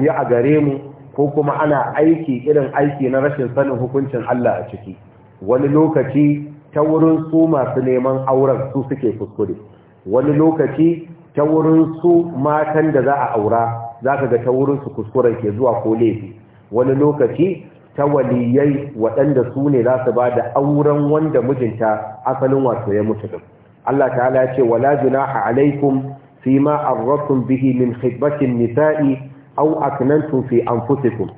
buya a gare mu ko kuma ana aiki irin aiki na rashin sanin hukuncin Allah a ciki wani lokaci ta wurin su masu neman auren su suke kuskure wani lokaci ta wurin su matan da za a aura za ka ga ta wurin su kuskuren ke zuwa ko laifi wani lokaci ta waliyai waɗanda su ne za su ba da auren wanda mijinta asalin wato ya mutu din Allah ta'ala ya ce wala junaha alaikum fima arratum bihi min khitbatin nisa'i au an fi anfusikum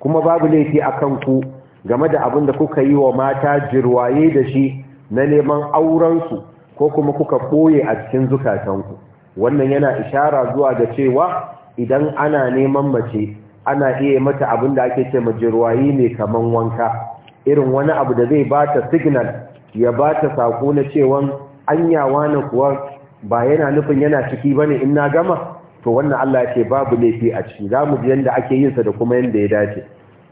kuma babu laifi akan ku game da abin da kuka yi wa mata jirwaye da shi na neman auren su ko kuma kuka ɓoye a cikin zukatanku wannan yana ishara zuwa da cewa idan ana neman mace ana iya mata abin da ake ce jirwaye ne kaman wanka irin wani abu da zai ba ta signal ya ba ta na cewa anyawa na kuwa ba yana nufin yana ciki bane in na gama to wannan Allah ya ce babu laifi a ciki za mu ji yanda ake yin sa da kuma yanda ya dace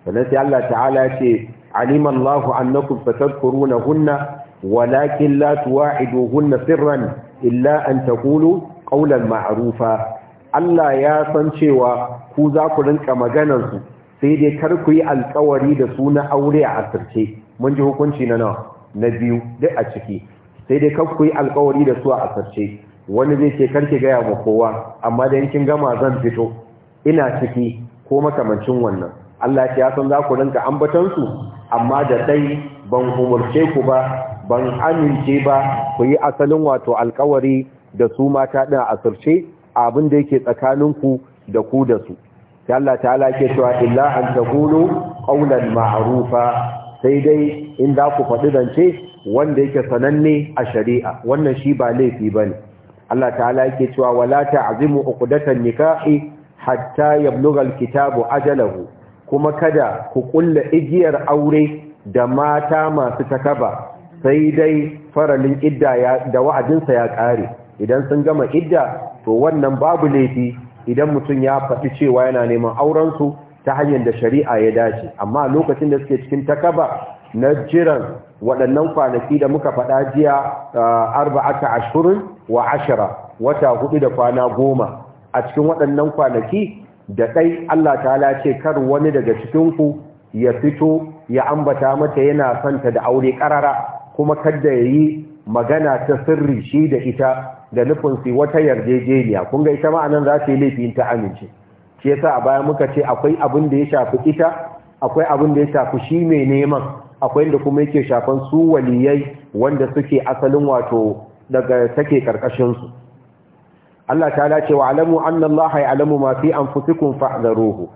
sannan sai Allah ta'ala ya ce alima Allahu annakum fatadhkurunahunna walakin la tuwa'iduhunna sirran illa an taqulu qawlan ma'rufa Allah ya san cewa ku za ku rinka maganar su sai dai kar ku yi alƙawari da su na aure a asirce mun ji hukunci na nawa na biyu duk a ciki sai dai kar ku yi alƙawari da su a asirce wani zai ce karki gaya ma kowa amma da kin gama zan fito ina ciki ko makamancin wannan Allah ya san za ku rinka ambatansu amma da dai ban umurce ku ba ban amince ba ku yi asalin wato alkawari da su mata ɗin asirce abin da yake tsakaninku da ku da su sai Allah ta'ala ke cewa illa an taqulu qawlan ma'rufa sai dai in za ku faɗi zance wanda yake sananne a shari'a wannan shi ba laifi bane Allah ta'ala yake cewa wala ta'zimu uqdatan nikahi hatta yablugha alkitabu ajalahu kuma kada ku kulla igiyar aure da mata masu takaba sai dai faralin idda da wa'adinsa ya kare idan sun gama idda to wannan babu laifi idan mutum ya faɗi cewa yana neman auren su ta hanyar da shari'a ya dace amma lokacin da suke cikin takaba na jiran waɗannan kwanaki da muka faɗa jiya ah, arba'ata ashirin wa ashira, wata hudu da kwana goma a cikin waɗannan kwanaki da ɗai Allah ta'ala ce kar wani daga cikinku ya fito ya ambata mata yana santa da aure ƙarara kuma kadda ya yi magana ta sirri shi da ita da nufin si wata yarjejeniya kunga ita ma'anan za su yi laifin ta amince shi yasa a baya muka ce akwai abin da ya shafi ita akwai abin da ya shafi shi mai neman akwai inda kuma yake shafan su waliyai wanda suke asalin wato daga take karkashin su Allah ta'ala ce wa alamu anna Allah Alamu ma fi anfusikum fa'dharuhu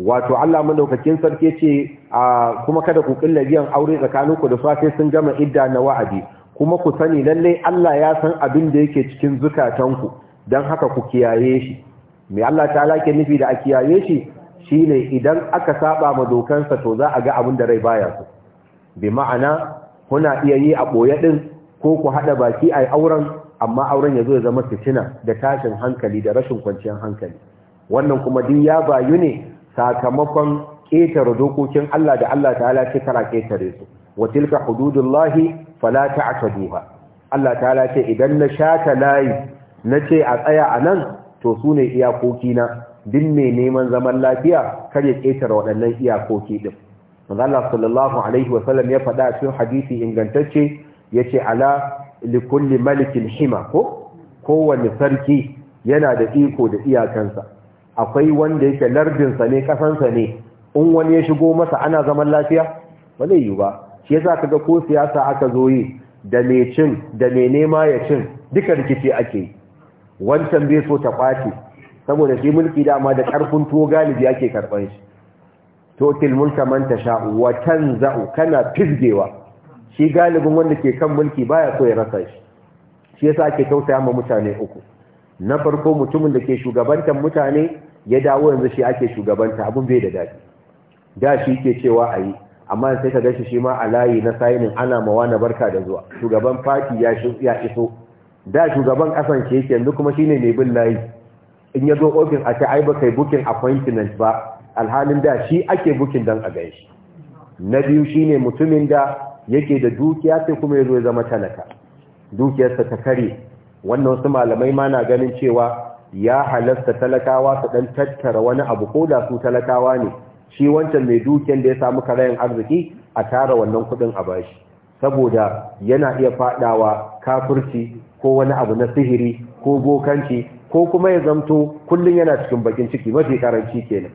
wato Allah madaukakin sarki ce kuma kada ku killa biyan aure tsakaninku da su sun gama idda na wa'adi kuma ku sani lalle Allah ya san abin da yake cikin zukatanku dan haka ku kiyaye shi Me Allah ta'ala ke nufi da a kiyaye shi shine idan aka saba ma dokansa to za a ga abin da rai baya su bi ma'ana kuna iya yi a boye din ko ku haɗa baki a auren amma auren ya zo ya zama fitina da tashin hankali da rashin kwanciyar hankali wannan kuma duk ya bayu ne sakamakon ƙetare dokokin Allah da Allah ta'ala ce tara ƙetare su wa tilka hududullahi fala ta'taduha Allah ta'ala ce idan na shata layi na ce a tsaya a nan to su ne iyakoki na duk mai neman zaman lafiya kar ya ƙetare waɗannan iyakoki din Allah sallallahu alaihi wa sallam ya faɗa cikin hadisi ingantacce ce, ala likulli malikin hima ko Kowane sarki yana da iko da iyakansa akwai wanda yake lardinsa ne kasansa ne in wani ya shigo masa ana zaman lafiya ba zai yi ba shi yasa ga ko siyasa aka zo yi da mai cin da mai nema ya cin duka rikici ake yi wancan bai so ta kwace saboda shi mulki dama da karfin tuwo galibi ake karban shi to mulka man tasha wa zau kana fizgewa shi galibin wanda ke kan mulki baya so ya rasa shi shi yasa ake tausaya ma mutane uku na farko mutumin da ke shugabantar mutane ya dawo yanzu shi ake shugabanta abun bai da dadi. da shi ke cewa ayi, amma sai ka gashi shi ma a layi na sayinin ana mawa na barka da zuwa shugaban fati ya iso da shugaban kasan kasance yake yanzu kuma shine mai bin layi in ya zo ofis a ce ai ba kai bukin appointment ba alhalin da shi ake bukin dan a gaishe na biyu shine mutumin da yake da dukiya sai kuma ya zo ya zama talaka dukiyarsa ta kare wannan wasu malamai ma na ganin cewa ya halasta talakawa su dan tattara wani abu ko da su talakawa ne shi wancan mai dukiyar da ya samu karayan arziki a tara wannan kudin a bashi saboda yana iya fadawa kafirci ko wani abu na sihiri ko bokanci ko kuma ya zamto kullun yana cikin bakin ciki mafi karanci kenan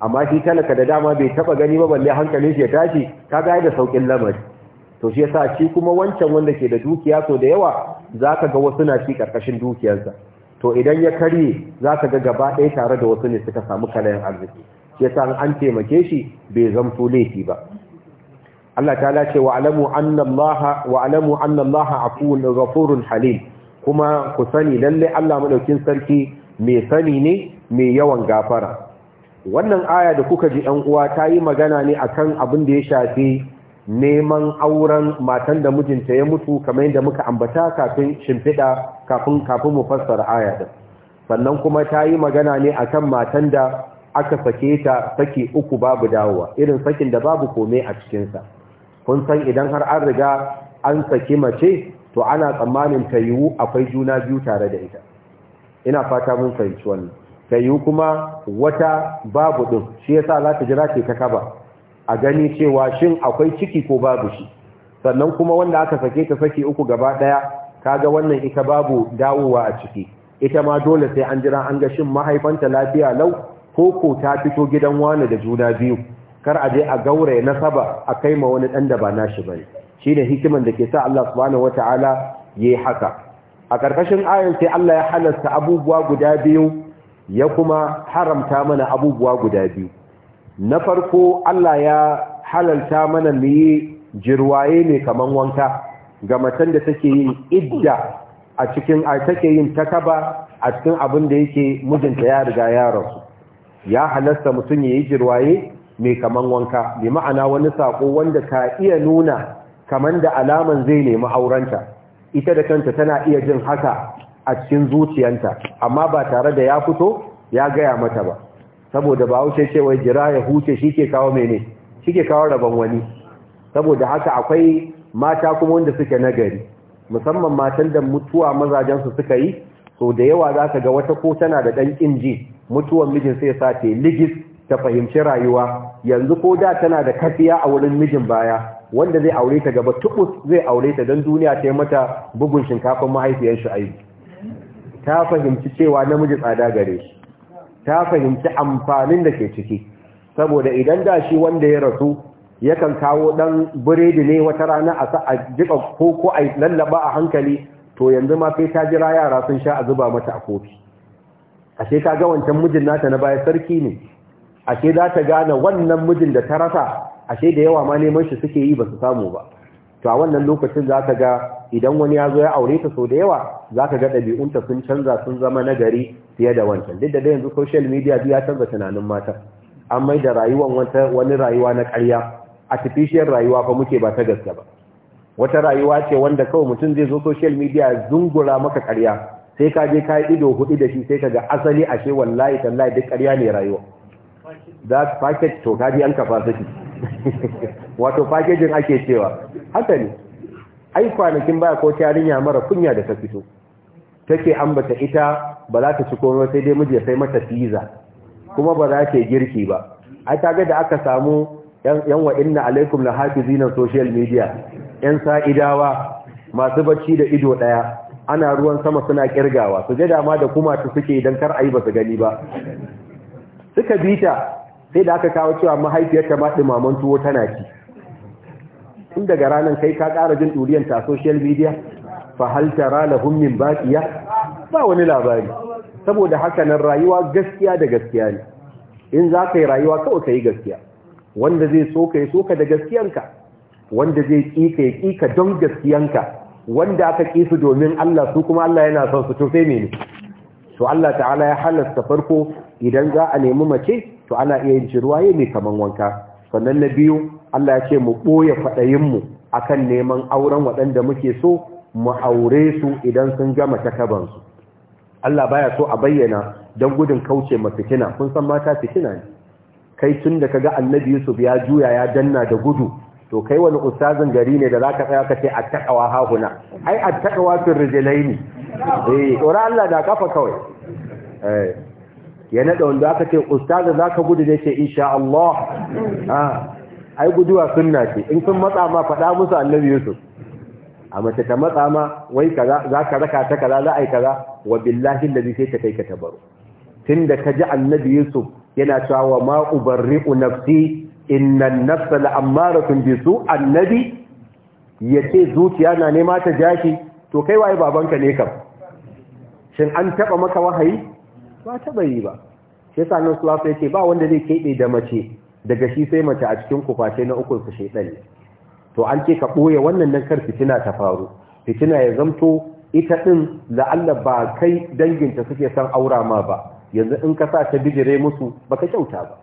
amma shi talaka da dama bai taba gani ba balle hankalin shi ya tashi kaga da saukin lamari to shi yasa shi kuma wancan wanda ke da dukiya so da yawa zaka ga wasu na shi karkashin dukiyarsa to idan ya karye zaka ga gaba ɗaya tare da wasu ne suka samu kalayan arziki shi yasa an taimake shi bai zamto laifi ba Allah ta lace wa alamu anna Allah wa alamu anna Allah afuwun ghafurun halim kuma ku sani lalle Allah madaukin sarki mai sani ne mai yawan gafara wannan aya da kuka ji ɗan uwa ta yi magana ne akan abin da ya shafi neman auren matan da mijinta ya mutu kamar yadda muka ambata kafin shimfiɗa kafin kafin mu fassara aya din sannan kuma ta yi magana ne akan matan da aka sake ta saki uku babu dawowa irin sakin da babu komai a cikinsa kun san idan har an riga an saki mace to ana tsammanin ta yiwu akwai juna biyu tare da ita ina fata mun fahimci wannan ta yiwu kuma wata babu din shi yasa za ta jira ke ta kaba a gani cewa shin akwai ciki ko babu shi sannan kuma wanda aka sake ta saki uku gaba daya kaga wannan ita babu dawowa a ciki ita ma dole sai an jira an ga shin mahaifanta lafiya lau ko ko ta fito gidan wani da juna biyu kar a je a gauraye nasaba a kai ma wani dan da ba nashi bane shine hikiman da ke sa Allah subhanahu wataala yayi haka a karkashin ayan sai Allah ya halasta abubuwa guda biyu ya kuma haramta mana abubuwa guda biyu na farko Allah ya halalta mana mu yi jirwaye ne kaman wanka ga matan da take yin idda a cikin a take yin takaba a cikin abin da yake mijinta ya riga ya rasu ya halasta mutum ya yi jirwaye mai kaman wanka bi ma'ana wani sako wanda ka iya nuna kaman da alaman zai nemi aurenta ita da kanta tana iya jin haka a cikin zuciyanta amma ba tare da ya fito ya gaya mata ba saboda ba wuce ce jira ya huce shi ke kawo mene shi ke kawo rabon wani saboda haka akwai mata kuma wanda suke nagari musamman matan da mutuwa mazajensu suka yi so da yawa za ka ga wata ko tana da ɗan ji mutuwan mijin sai sa ta ligis ta fahimci rayuwa yanzu ko da tana da kafiya a wurin mijin baya wanda zai aure ta gaba tukus zai aure ta don duniya ta yi mata bugun shinkafin mahaifiyar shi ta fahimci cewa namiji tsada gare shi ta fahimci amfanin da ke ciki saboda idan da shi wanda ya rasu yakan kawo dan biredi ne wata rana a sa a jika koko a lallaba a hankali to yanzu ma sai ta jira yara sun sha a zuba mata a kofi ashe ka ga wancan mijin nata na baya sarki ne ashe za ta gane wannan mijin da ta rasa ashe da yawa ma neman shi suke yi ba su samu ba to a wannan lokacin za ta ga idan wani ya zo ya aure ta sau da yawa za ka ga ɗabi'unta sun canza sun zama nagari fiye da wancan duk da dai yanzu social media ya canza tunanin mata an mai da rayuwan wata wani rayuwa na ƙarya artificial rayuwa fa muke ba ta gaske ba wata rayuwa ce wanda kawai mutum zai zo social media zungura maka ƙarya sai ka je ka ido hudu da shi sai ka ga asali ashe wallahi tallahi duk ƙarya ne rayuwa that package to ka an kafa wato packaging ake cewa haka ne ai kwanakin baya ko tarinya mara kunya da ta fito take ambata ita ba za ta ci komai sai dai miji ya sai mata tiza kuma ba za ta girki ba ai ga da aka samu yan wa inna alaikum lahafizina social media yan sa'idawa masu bacci da ido daya ana ruwan sama suna kirgawa su je dama da kuma ta suke idan kar ai ba su gani ba suka bita sai da aka kawo cewa mahaifiyarta ma dumaman tuwo tana ci tun daga ranar kai ka kara jin ɗuriyanta a social media fa halta rana min baƙiya ba wani labari saboda haka nan rayuwa gaskiya da gaskiya ne in za ka yi rayuwa kawai ka yi gaskiya wanda zai so ka yi so ka da gaskiyanka wanda zai ƙi ka yi ƙi ka don gaskiyanka wanda aka ƙi su domin Allah su kuma Allah yana son su to sai mene to Allah ta'ala ya halasta farko idan za a nemi mace to ana iya yin ruwaye ne kaman wanka sannan na biyu Allah ya ce mu ɓoye faɗayinmu a kan neman auren waɗanda muke so mu aure su idan sun gama takabansu Allah baya so a bayyana don gudun kauce ma fitina kun san mata fitina ne kai tun da ga annabi Yusuf ya juya ya danna da gudu to kai wani ustazin gari ne da za ka tsaya ka ce attaqwa hahuna ai Rijilai ne. eh ora Allah da kafa kawai eh. ya naɗa wanda aka ce ustaza za ka gudu da ce insha Allah ah, ai guduwa sunna ce in sun matsa ma faɗa musu annabi yusuf a mace ta matsa ma wai kaza za ka raka ta kaza za a yi kaza wa billahi allazi sai ta kai ka tabaru tunda ka ji annabi yusuf yana cewa wa ma ubarri'u nafsi innan nafsa la'ammaratun bi su annabi yace zuciya na nema ta jashi. to kai waye babanka ne kam shin an taɓa maka wahayi ba ta yi ba shi yasa nan ba wanda zai keɓe da mace daga shi sai mace a cikin kufashe na uku su shedan to an ce ka ɓoye wannan nan kar fitina ta faru fitina ya zamto ita ɗin la'alla ba kai danginta suke san aura ma ba yanzu in ka sa ta bijire musu ka kyauta ba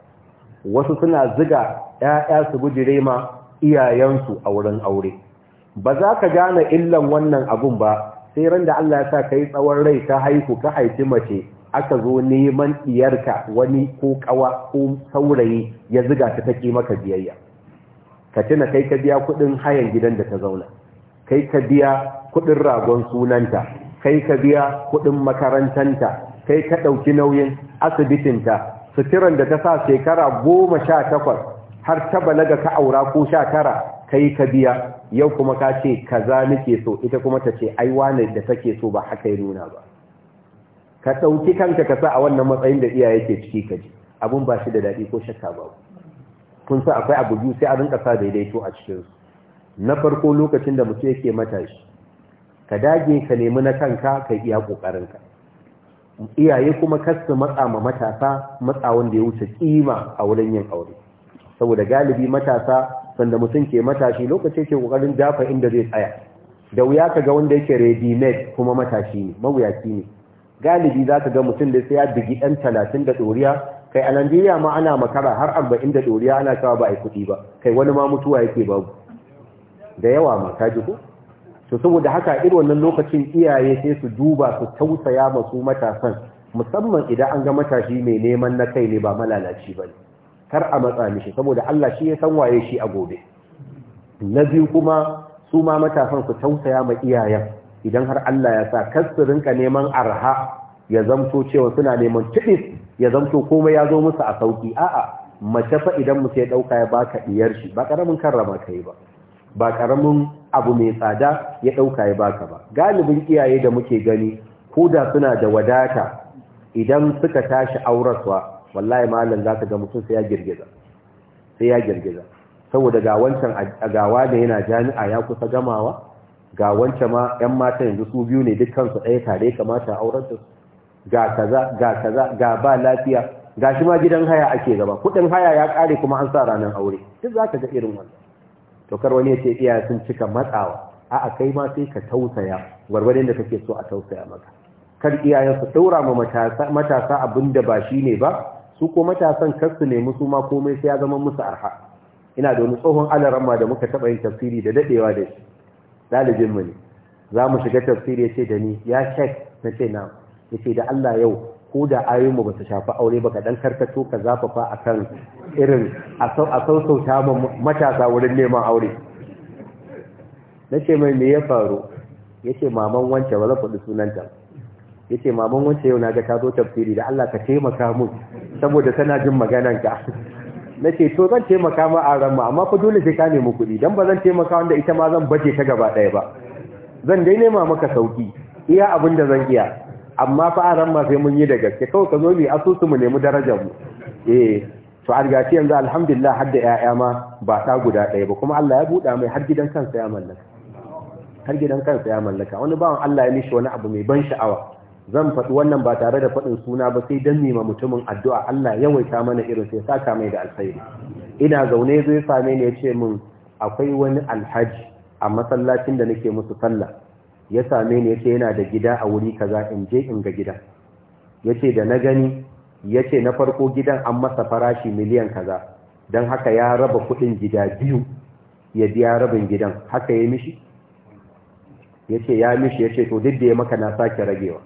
wasu suna ziga ƴaƴa su bijire ma iyayensu a wurin aure ba za ka gane illan wannan abun ba sai ran da Allah ya sa ka yi tsawon rai ka haihu ka haifi mace aka zo neman diyarka wani ko kawa ko saurayi ya ziga ta take maka biyayya ka tuna kai ka biya kudin hayan gidan da ta zauna kai ka biya kudin ragon sunanta kai ka biya kudin makarantanta kai ka ɗauki nauyin asibitinta suturan da ta sa shekara goma sha takwas har ta balaga ka aura ko sha tara kai ka biya yau kuma ka ce kaza nake so ita kuma ta ce ai wane da take so ba haka ya nuna ba ka ɗauki kanka ka sa a wannan matsayin da iyaye ke ciki ka ji abin ba shi da daɗi ko shakka ba kun sa akwai abu biyu sai a rinka sa daidaito a cikin su na farko lokacin da mutum yake matashi ka dage ka nemi na kanka ka iya ƙoƙarinka. iyaye kuma su matsa ma matasa matsa wanda ya wuce kima a wurin yin aure saboda galibi matasa sanda mutum ke matashi lokacin ke kokarin dafa inda zai tsaya da wuya ka ga wanda yake ready made kuma matashi ne mawuyaci ne galibi za ka ga mutum da sai ya bigi ɗan talatin da ɗoriya kai a najeriya ma ana makara har arba'in da ɗoriya ana cewa ba a yi kuɗi ba kai wani ma mutuwa yake babu da yawa ma ka ji ko to saboda haka irin wannan lokacin iyaye sai su duba su tausaya masu matasan musamman idan an ga matashi mai neman na kai ne ba malalaci ba ne. kar a matsa mishi saboda Allah shi ya san waye shi a gobe na biyu kuma su ma matasan su tausaya ma iyayen idan har Allah ya sa kasu rinka neman arha ya zamto cewa suna neman tiɗis ya zamto komai ya zo musu a sauƙi a'a mace fa idan mu ya ɗauka ya baka ɗiyar shi ba ƙaramin karrama ka yi ba ba ƙaramin abu mai tsada ya ɗauka ya baka ba galibin iyaye da muke gani ko da suna da wadata idan suka tashi auraswa wallahi malam za ka ga mutum sai ya girgiza sai ya girgiza saboda ga wancan gawa da yana jami'a ya kusa gamawa ga wancan ma yan mata yanzu su biyu ne dukkan su ɗaya tare kamata auren su ga kaza ga kaza ga ba lafiya shi ma gidan haya ake gaba kuɗin haya ya kare kuma an sa ranar aure duk ka ga irin wannan to kar wani ya ce iyaye sun cika matsawa a'a kai ma sai ka tausaya gwargwadon da kake so a tausaya maka kar iyayen su daura ma matasa abinda ba shi ne ba su ko matasan kar su nemi su ma komai sai ya zama musu arha ina da wani tsohon alarama da muka taba yin tafsiri da dadewa da shi dalibin mu ne za mu shiga tafsiri ya ce da ni ya shek na ce na ya ce da Allah yau ko da ayoyinmu ba su shafi aure ba ka dan karkato ka zafafa a kan irin a sausauta matasa wurin neman aure na ce mai me ya faru ya ce maman wance ba za faɗi sunanta ya ce maman wance yau na ga ta zo tafsiri da Allah ka taimaka mun saboda tana jin ka. na ce to zan taimaka ma a ranma amma fa dole sai ka nemi kuɗi don ba zan taimaka wanda ita ma zan baje ta gaba ɗaya ba zan dai nema maka sauki iya abin da zan iya amma fa a ranma sai mun yi da gaske kawai ka zo mu asusu mu nemi darajar mu eh to a rigaci yanzu alhamdulillah har da 'ya'ya ma ba ta guda ɗaya ba kuma Allah ya buɗa mai har gidan kansa ya mallaka har gidan kansa ya mallaka wani bawan Allah ya mishi wani abu mai ban sha'awa zan faɗi wannan ba tare da faɗin suna ba sai don nema mutumin addu'a Allah yawaita mana irin sai saka mai da alkhairi ina zaune zai same ni ya ce min akwai wani alhaji a masallacin da nake musu sallah ya same ni ya ce yana da gida a wuri kaza in je in ga gidan ya ce da na gani ya ce na farko gidan an masa farashi miliyan kaza don haka ya raba kuɗin gida biyu ya biya rabin gidan haka ya mishi ya ce ya mishi ya ce to duk da ya maka na sake ragewa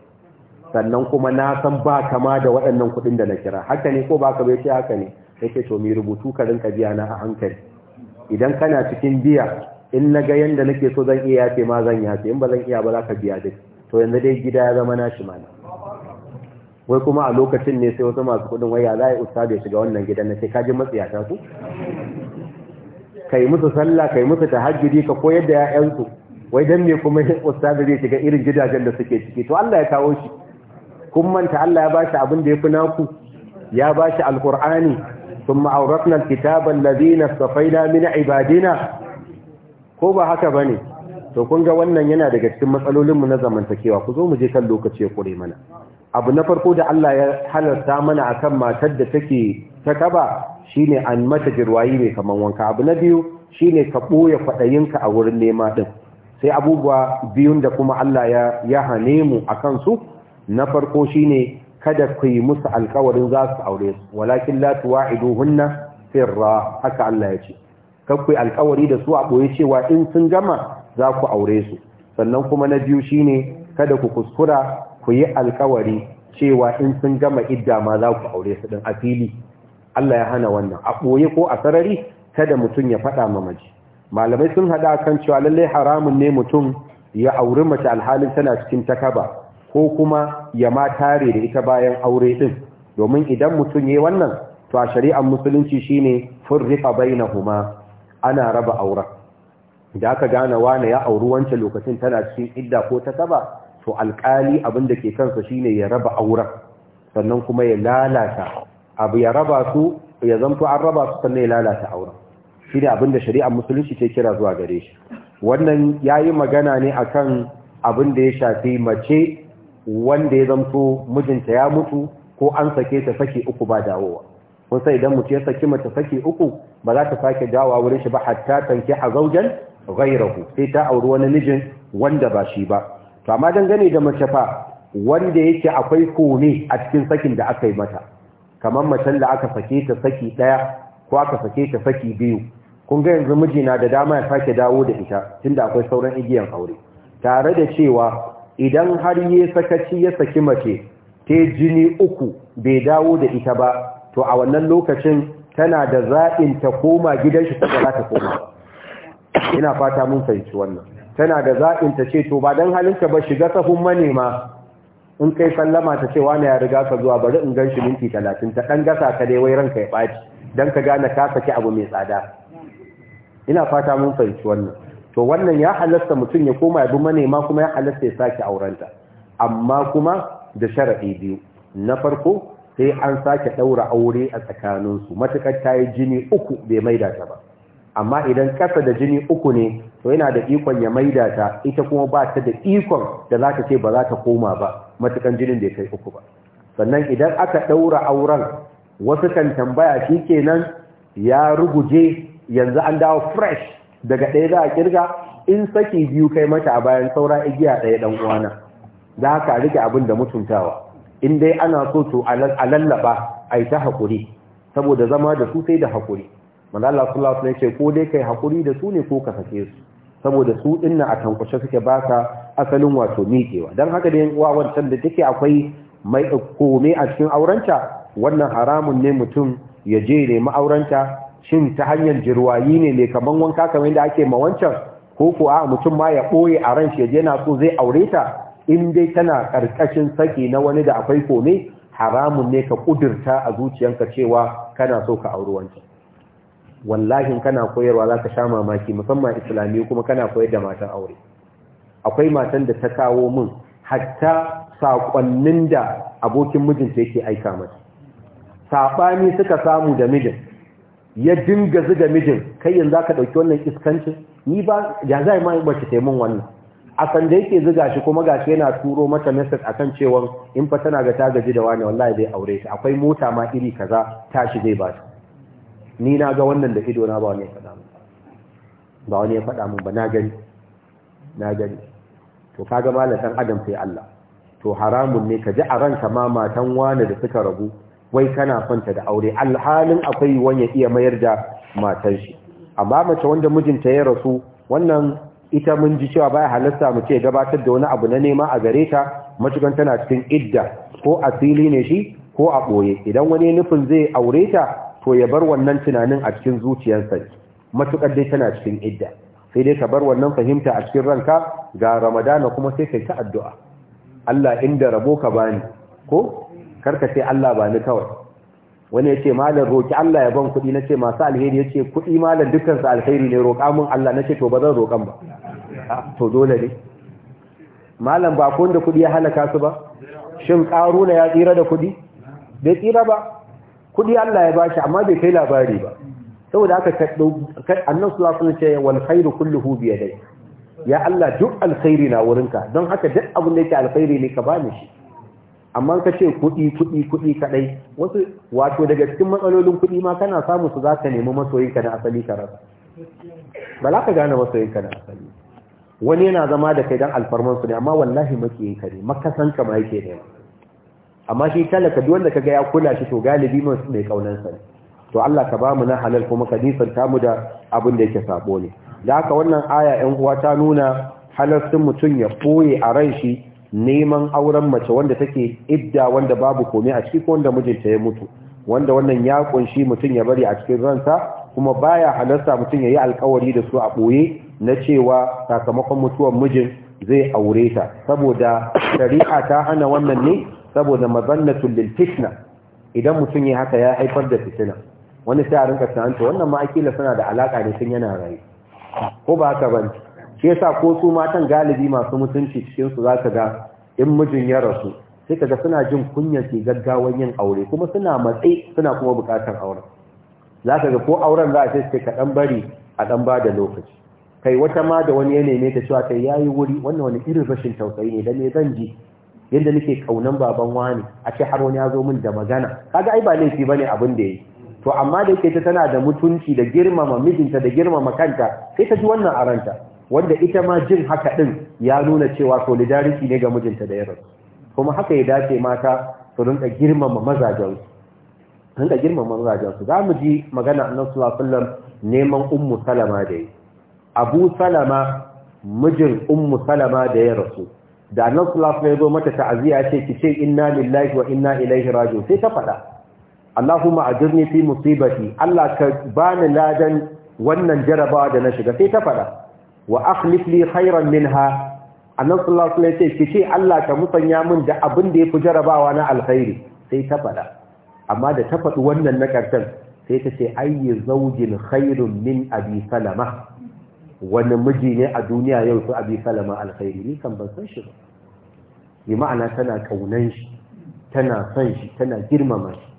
sannan kuma na san ba kama da waɗannan kuɗin da na kira haka ne ko ba ka bai ce haka ne ya ce to mai rubutu ka rinka biya na a hankali idan kana cikin biya in na ga yanda nake so zan iya yafe ma zan yafe in ba zan iya ba za ka biya duk to yanzu dai gida ya zama na shi mana wai kuma a lokacin ne sai wasu masu kuɗin waya za a yi usta bai shiga wannan gidan na ce ka ji matsiyata ku Kai musu sallah kai yi musu tahajjudi ka koyar da 'ya'yansu wai dan me kuma usta zai shiga irin gidajen da suke ciki to Allah ya kawo shi kun manta Allah ya bashi abin da ya fi naku ya bashi alqur'ani thumma awratna alkitaba alladhina safaina min ibadina ko ba haka ba ne, to kun ga wannan yana daga cikin matsalolin mu na zamantakewa ku zo mu je kan lokaci ya kure mana abu na farko da Allah ya halarta mana akan matar da take ta kaba shine an mata jirwayi ne kaman wanka abu na biyu shine ka boye fadayinka a wurin nema ɗin, sai abubuwa biyun da kuma Allah ya ya hane mu a kansu. na farko shine kada ku yi musu alƙawarin za su aure su walakin la tuwa'iduhunna sirra haka Allah ya ce ku yi alƙawari da su a boye cewa in sun gama za ku aure su sannan kuma na biyu shine kada ku kuskura ku yi alkawari cewa in sun gama idda ma za ku aure su din a fili Allah ya hana wannan a boye ko a sarari kada mutum ya faɗa ma maji malamai sun hada kan cewa lallai haramun ne mutum ya auri mace alhalin tana cikin takaba ko kuma ya ma tare da ita bayan aure din domin idan mutum yayi wannan to a shari'ar musulunci shine furriqa bainahuma ana raba auren da aka gane wani ya auri wancan lokacin tana cikin idda ko ta saba to alkali abin da ke kansa shine ya raba auren sannan kuma ya lalata abu ya raba su ya zanto an raba su sannan ya lalata auren shi ne abin da shari'ar musulunci ce kira zuwa gare shi wannan yayi magana ne akan abin da ya shafi mace wanda ya zamto mijinta ya mutu ko an sake ta sake uku ba dawowa kun sai idan mutu ya saki mace saki uku ba za ta sake dawowa wurin shi ba hatta tanki a zaujan gairahu sai ta auri wani mijin wanda ba shi ba to amma dangane da mace fa wanda yake akwai kone a cikin sakin da aka yi mata kamar macen da aka sake ta saki daya ko aka sake ta saki biyu kun ga yanzu mijina da dama ya sake dawo da ita tunda akwai sauran igiyan aure tare da cewa idan har ya sakaci ya saki mace ta jini uku bai dawo da ita ba to a wannan lokacin tana da za'in ta koma gidan shi ta za ta koma ina fata mun fahimci wannan tana da za'in ta ce to ba don halinka ba shiga sahun manema in kai sallama ta ce wani ya riga ka zuwa bari in gan shi minti talatin ta ɗan gasa ka dai wai ranka ya ɓaci don ka gane ka saki abu mai tsada ina fata mun fahimci wannan to wannan ya halasta mutum ya koma ya bi manema kuma ya halasta ya sake aurenta amma kuma da sharaɗi biyu na farko sai an sake ɗaura aure a tsakaninsu matuƙar ta yi jini uku bai maida ta ba amma idan ƙasa da jini uku ne to yana da ikon ya maida ta ita kuma ba ta da ikon da za ta ce ba za ta koma ba matuƙan jinin bai kai uku ba sannan idan aka ɗaura auren wasu kan tambaya shi kenan ya ruguje yanzu an dawo fresh daga ɗaya za a kirga in saki biyu kai mata a bayan saura igiya ɗaya ɗan uwana za ka rike abin da mutuntawa in dai ana so to a lallaba a yi ta haƙuri saboda zama da su sai da haƙuri manzala sallallahu alaihi ce ko dai kai haƙuri da su ne ko ka sake su saboda su dinna a tankushe suke baka asalin wato miƙewa don haka dai uwa wancan da take akwai mai komai a cikin aurenta wannan haramun ne mutum ya je nemi aurenta shin ta hanyar jirwayi ne ne kaman wanka kamar yadda ake ma wancan ko ko a mutum ma ya ɓoye a ran shi yana so zai aure ta in dai tana ƙarƙashin saki na wani da akwai kome haramun ne ka kudurta a zuciyanka cewa kana so ka auri wancan wallahi kana koyarwa za ka sha mamaki musamman islami kuma kana koyar da matan aure akwai matan da ta kawo min hatta saƙonnin da abokin mijinta yake aika mata saɓani suka samu da mijin ya dinga ziga mijin kai yanzu aka dauki wannan iskanci ni ba ya zai ma bace taimun wannan a san da yake ziga shi kuma gashi yana turo mata message akan cewa in fa tana ga ta gaji da wani wallahi zai aure shi akwai mota ma iri kaza tashi zai ba ni na ga wannan da ido na ba wani ya faɗa min ba wani ya faɗa min ba na gani na gani to kaga malam adam sai Allah to haramun ne ka ji a ranka ma matan wani da suka rabu wai kana kwanta da aure alhalin akwai wanya ya iya mayar da matar shi amma mace wanda mijinta ya rasu wannan ita mun ji cewa baya halarta mu ce gabatar da wani abu na nema a gare ta matukan tana cikin idda ko asili ne shi ko a ɓoye idan wani nufin zai aure ta to ya bar wannan tunanin a cikin zuciyarsa matukar dai tana cikin idda sai dai ka bar wannan fahimta a cikin ranka ga ramadana kuma sai kai ta addu'a Allah inda rabo ka bani ko karka sai Allah ba ni kawai wani ya ce malam roƙi Allah ya ban kuɗi na ce masu alheri ya ce kuɗi malam dukansu alheri ne roƙa mun Allah na ce to ba zan roƙan ba ah, to dole ne malam ba kun da kuɗi ya halaka su ba shin na ya tsira da kuɗi bai tsira ba kuɗi Allah ya bashi amma bai kai labari ba saboda aka annan su sun ce wal khairu kulluhu bi yadayk ya Allah duk alkhairi na wurinka don haka duk abin da yake alkhairi ne ka bani shi amma ka ce kuɗi kuɗi kuɗi kaɗai wasu wato daga cikin matsalolin kuɗi ma kana samu su za ka nemi masoyinka na asali ka rasa ba za ka gane masoyinka na asali wani yana zama da kai don su ne amma wallahi makiyin ka ne makasanka ma yake ne amma shi talaka duk ka kaga ya kula shi to galibi mai kaunansa ne to Allah ka bamu na halal kuma ka nisanta mu da abin da yake sabo ne da haka wannan aya 'yan uwa ta nuna halarcin mutum ya ɓoye a ran shi neman auren mace wanda take idda wanda babu komai a ciki ko wanda mijinta ya mutu wanda wannan ya kunshi mutum ya bari a cikin ransa kuma baya halarta mutum ya yi alkawari da su a boye na cewa sakamakon mutuwar mijin zai aure ta saboda shari'a ta hana wannan ne saboda mazannatul lil fitna idan mutum ya haka ya haifar da fitina wani sai a rinka sananta wannan ma'akila suna da alaka da sun yana rayu ko ba haka bane shi yasa ko su matan galibi masu mutunci cikinsu su zaka ga in mijin ya rasu sai kaga suna jin kunyar ke gaggawan yin aure kuma suna matsayi suna kuma bukatar aure. zaka ga ko auren za a ce sai ka dan bari a dan ba da lokaci kai wata ma da wani ya neme ta cewa kai yayi wuri wannan wani irin rashin tausayi ne da me zan ji yadda nake kaunan baban wani a ce har wani ya zo min da magana kaga ai ba laifi bane abin da yayi to amma da yake ta tana da mutunci da girmama mijinta da girmama kanta sai ta ji wannan aranta wanda ita ma jin haka din ya nuna cewa solidarity ne ga mijinta da ya kuma haka ya dace mata su rinka girmama mazajen su rinka girmama mazajen za mu ji magana annabi sallallahu alaihi wasallam neman ummu salama da yi abu salama mijin ummu salama da ya rasu da annabi sallallahu alaihi wasallam mata ta'aziya ce ki ce inna lillahi wa inna ilaihi raji'un sai ta faɗa Allahumma ajirni fi musibati Allah ka bani ladan wannan jarabawa da na shiga sai ta faɗa wa akhlif li khairan minha annabi sallallahu alaihi wasallam ce kici Allah ka musanya min da abin da yafi jarabawa na alkhairi sai ta fada amma da ta fadi wannan na karshen sai ta ce ayyi zawjin khairun min abi salama wani miji ne a duniya yau su abi salama alkhairi ni kan ban san shi ba bi ma'ana tana kaunan shi tana son shi tana girmama shi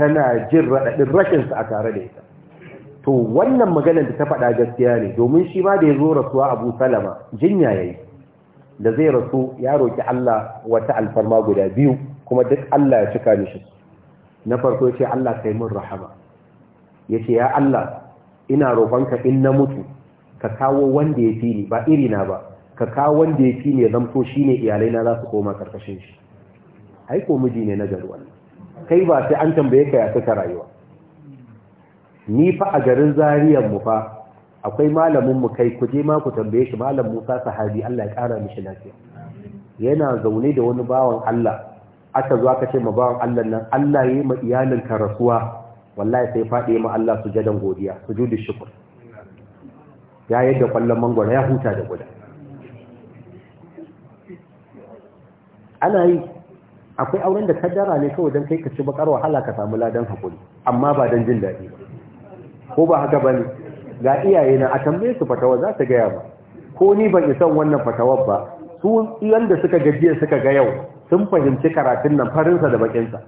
tana jin raɗaɗin rashinsa a tare da ita to wannan maganar da ta faɗa gaskiya ne domin shi ma da ya zo rasuwa abu salama jinya ya yi da zai rasu ya roƙi Allah wata alfarma guda biyu kuma duk Allah ya cika mishi na farko ya ce Allah kai mun rahama ya ce ya Allah ina roƙonka in na mutu ka kawo wanda ya fi ni ba irina ba ka kawo wanda ya fi ni ya zamto shi ne na za su koma karkashin shi ai miji ne na gari kai ba sai an tambaye ka ya saka rayuwa ni fa a garin zariyan mu fa akwai malamin mu kai ku je ma ku tambaye shi malam Musa sahabi Allah ya kara mishi lafiya yana zaune da wani bawan Allah aka zo aka ce ma bawan Allah nan Allah yayi ma iyalin ka rasuwa wallahi sai faɗe ma Allah sujadan godiya sujudu shukr ya yadda kallon mangwara ya huta da guda ana yi akwai auren da kaddara ne kawai don kai ka ci bakar wahala ka samu ladan hakuri amma ba don jin daɗi ba ko ba haka bane ga iyaye na a tambaye su fatawa za su gaya ba ko ni ban isan wannan fatawar ba su yanda suka gajiya suka ga yau sun fahimci karatun nan farinsa da bakinsa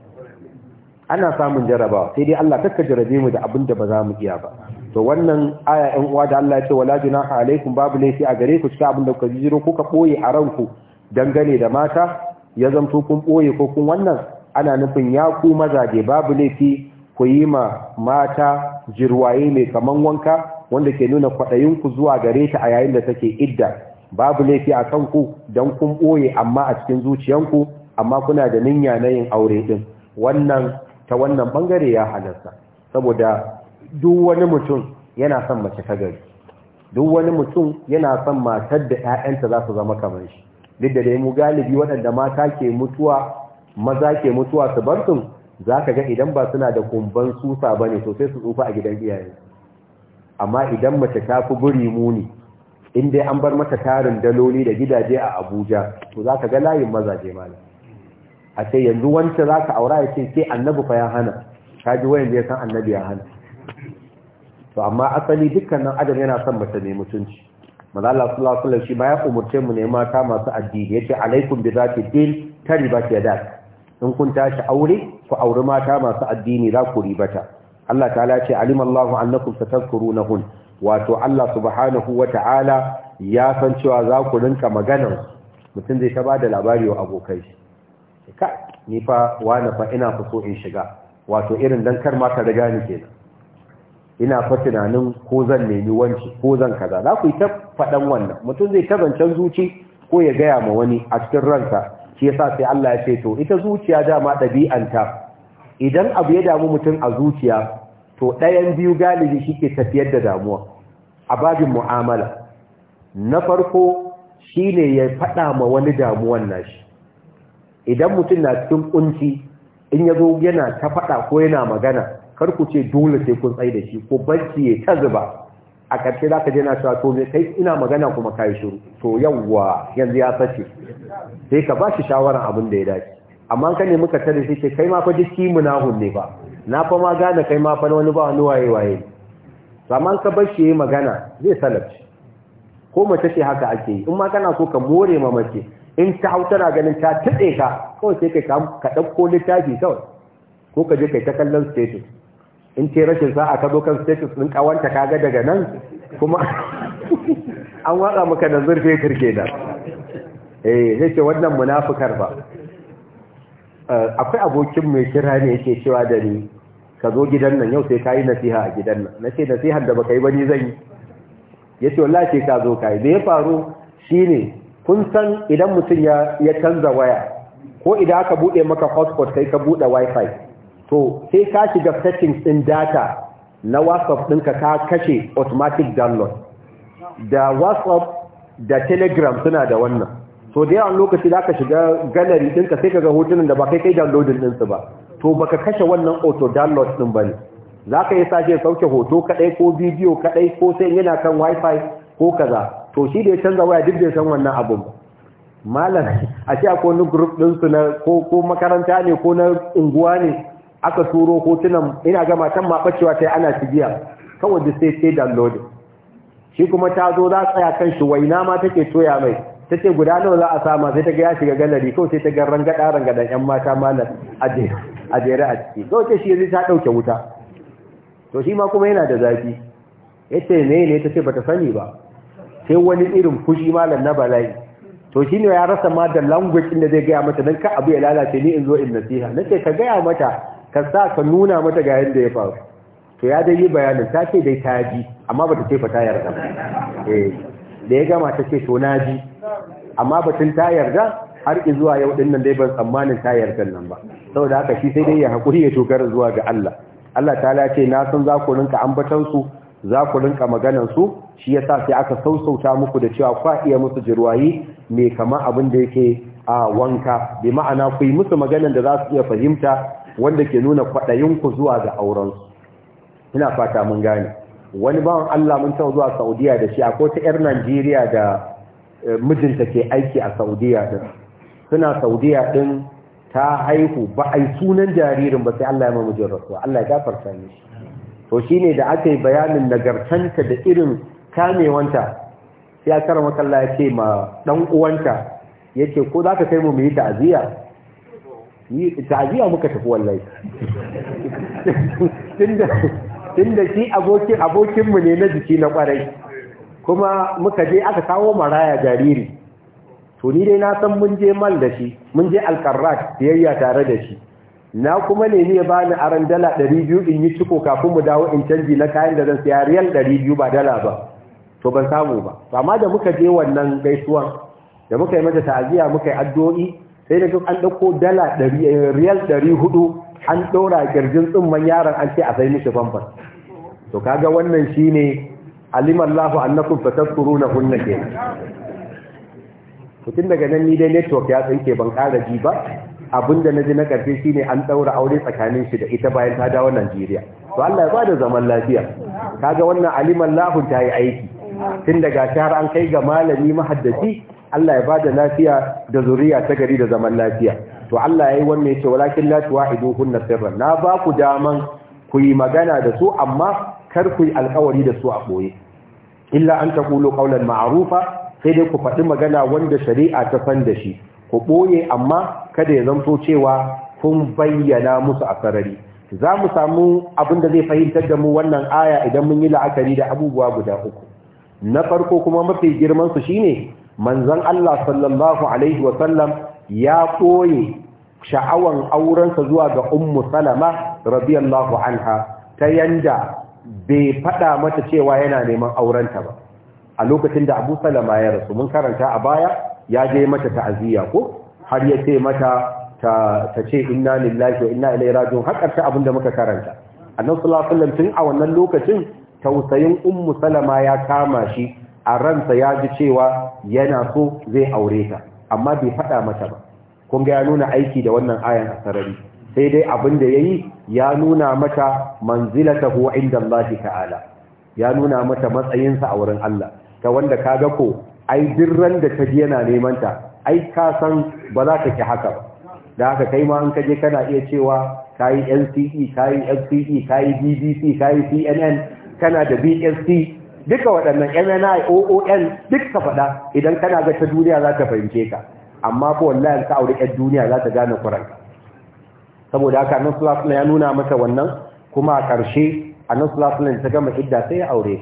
ana samun jarabawa sai dai Allah takka jarabe mu da abin da ba za mu iya ba to wannan aya ɗan uwa da Allah ya ce wala junaha alaikum babu laifi a gare ku cikin abin da kuka jiro kuka boye a ranku dangane da mata ya zamto kun boye ko kun wannan ana nufin ya ku mazaje babu laifi ku yi ma mata jirwaye mai kaman wanka wanda ke nuna kwaɗayinku zuwa gare ta a yayin da take idda babu laifi a kanku don kun ɓoye amma a cikin zuciyanku amma kuna da ninya na yin aure ɗin wannan ta wannan ɓangare ya halarta saboda duk wani mutum yana son mace ta gari duk wani mutum yana son matar da 'ya'yanta za su zama kamar shi duk da dai mu galibi waɗanda mata ke mutuwa maza ke mutuwa su bar su. za ka ga idan ba suna da kumban susa ba ne sosai su tsufa a gidan iyayen amma idan mace ta fi buri muni inda dai an bar mata tarin daloli da gidaje a abuja to za ka ga layin mazaje malam a ce yanzu wancan za ka aura ya ce ke annabi fa ya hana ka ji wayan ya san annabi ya hana to amma asali dukkanin adam yana son mace mai mutunci maza su lafi lafi shi ma ya umurce mu ne mata masu addini yace alaikum bi za ki din taribat da. in kun tashi aure ku auri mata masu addini za ku ribata Allah ta'ala ce alimallahu annakum satazkurunahun wato Allah subhanahu wata'ala ya san cewa za ku rinka magana mutum zai ta bada labari wa abokai ka ni fa wani fa ina fa so in shiga wato irin dan kar ma ka riga ni kenan ina fa tunanin ko zan nemi wanci ko zan kaza za ku yi ta faɗan wannan mutum zai ta zance zuci ko ya gaya ma wani a cikin ranka shi yasa sai Allah ya ce to ita zuciya dama ɗabi'anta idan abu ya damu mutum a zuciya to ɗayan biyu galibi shike tafiyar da damuwa a babin mu'amala na farko shi ne ya faɗa ma wani damuwan nashi idan mutum na cikin kunci in yazo yana ta faɗa ko yana magana kar ku ce dole sai kun tsaye da shi ko barci ya ta zuba a ƙarshe za ka je na cewa to me kai ina magana kuma ka yi shuru. to yawwa yanzu ya sace sai ka ba shi shawarar abin da ya dace amma ka nemi ka tare shi ce kai ma fa duk na ne ba na fa ma gane kai ma fa wani ba wani waye waye amma ka bar shi yayi magana zai salabci ko mace ce haka ake yi in ma kana so ka more ma mace in ta hau tana ganin ta tade ka kawai sai kai ka ɗauko littafi kawai ko ka je kai ta kallon status in ce rashin sa'a ka zo kan status ɗin kawanta kaga daga nan kuma an watsa maka da zurfe kirke da eh zai ce wannan munafukar ba eh, akwai abokin mai kira ne yake cewa da ni ka zo gidan nan yau sai ka yi nasiha a gidan nan na ce nasihar da baka yi ba ni zan yi ya ce wallahi ka zo ka yi zai ya faru ne. kun san idan mutum ya canza waya ko idan aka buɗe maka hotspot kai ka buɗe wifi to sai ka shiga settings din data na whatsapp ɗinka ka kashe automatic download da whatsapp da telegram suna da wannan so da yawan lokaci da ka shiga gallery ɗinka sai ka ga hotunan da ba kai kai downloading ɗinsu ba to baka kashe wannan auto download ɗin ba ne za ka yi sashe sauke hoto kaɗai ko bidiyo kaɗai ko sai yana kan wifi ko kaza to shi da ya canza waya duk da san wannan abun ba malam a ce akwai wani group ɗinsu na ko makaranta ne ko na unguwa ne aka turo hotunan ina ga matan ma bacewa ta ana shigiya kawai da sai sai download shi kuma ta zo za tsaya kan shi waina ma take toya mai tace guda nawa za a sama sai ta ga ya shiga gallery kawai sai ta ga rangada rangadan yan mata malam aje jere a ciki kawai ta shi zai ta dauke wuta to shi ma kuma yana da zafi yace ne ne tace bata sani ba sai wani irin fushi malam na bala'i to shi ne ya rasa ma da language da zai gaya mata don ka abu ya lalace ni in zo in nasiha na ce ka gaya mata ka sa ka nuna mata ga yadda ya faru to ya dai yi bayanin ta ce dai ta ji amma ba ta ce fa yarda eh, da ya gama ta ce to na ji amma batun ta yarda har zuwa yau din nan dai ban tsammanin ta yarda nan ba saboda haka shi sai dai ya hakuri ya dogara zuwa ga Allah Allah ta'ala ce na san za ku rinka ambatan su za ku rinka maganan su shi yasa sai aka sausauta muku da cewa kwa iya musu jirwayi mai kama abin da yake a wanka bi ma'ana ku yi musu maganan da za su iya fahimta wanda ke nuna kwaɗayin ku zuwa ga aurensu ina fata mun gane wani bawan Allah mun taɓa zuwa Saudiya da shi akwai ta 'yar Najeriya da e, mijinta ke aiki a Saudiya din suna Saudiya din ta haihu ba ai sunan jaririn ba sai Allah ya mamujin rasuwa Allah ya gafarta ne to shine da aka yi bayanin nagartanta da irin kamewanta sai ya karama Allah ya ce ma dan uwanta yace ko zaka kai mu mu yi ta'aziya yi muka tafi wallahi tunda shi abokin abokinmu ne na jiki na kwarai kuma muka je aka kawo maraya jariri to ni dai na san mun je mal da shi mun je alkarrat siyayya tare da shi na kuma ne ne ya bani aran dala 200 in yi ciko kafin mu dawo in canji na kayan da zan siya riyal 200 ba dala ba to ban samu ba amma da muka je wannan gaisuwan da muka yi mata ta'aziya muka yi addu'o'i sai da duk an ɗauko dala eh, riyal ɗari hudu an ɗora girgin tsumman yaron an ce a sai mishi famfas to kaga wannan shi ne, shine fatar turu na hunna ke mutum daga nan ni dai network ya tsinke ban ƙara ji ba abinda na ji na ƙarfi shine an ɗaura aure tsakanin shi da ita bayan ta dawo Najeriya to Allah ya ba da zaman lafiya kaga wannan lafi ta yi aiki tun daga shahar an kai ga malami mahaddaci Allah ya bada lafiya da zuriya ta gari da zaman lafiya to Allah yayi wannan yace walakin la tuwahiduhunna sirran na ba ku daman ku yi magana da su amma kar ku yi alkawari da su a boye illa an taqulu qawlan ma'rufa sai dai ku faɗi magana wanda shari'a ta san da shi ku boye amma kada ya zanto cewa kun bayyana musu a sarari za mu samu abin da zai fahimtar da mu wannan aya idan mun yi la'akari da abubuwa guda uku na farko kuma mafi girman su shine manzon Allah sallallahu alaihi ya ɓoye sha'awan aurensa zuwa ga ummu salama radiyallahu anha ta yanda bai fada mata cewa yana neman aurenta ba a lokacin da abu salama ya rasu mun karanta a baya ya je mata ta'aziyya ko har ya ce mata ta ce inna lillahi wa inna ilaihi raji'un har ta abinda muka karanta annabi sallallahu alaihi wasallam tun a wannan lokacin tausayin ummu salama ya kama shi a ransa ya ji cewa yana so zai aure ta amma bai faɗa mata ba kun ga ya nuna aiki da wannan ayan a sarari sai dai abin da yayi ya nuna mata manzilata huwa inda Allah ta'ala ya nuna mata matsayinsa a wurin Allah ta wanda ka ga ko ai dirran da ta ji yana neman ta ai ka san ba za ka ki haka ba da haka kai ma an kaje kana iya cewa kayi NCE kayi FCE kayi BBC kayi CNN kana da BSC duka waɗannan MNI OON duk ka faɗa idan kana ga ta duniya za ta fahimce ka amma ko wallahi ka aure ƴan duniya za ta gane Qur'an saboda haka nan sallallahu ya nuna mata wannan kuma a ƙarshe annabi sallallahu alaihi ta gama idda sai ya aure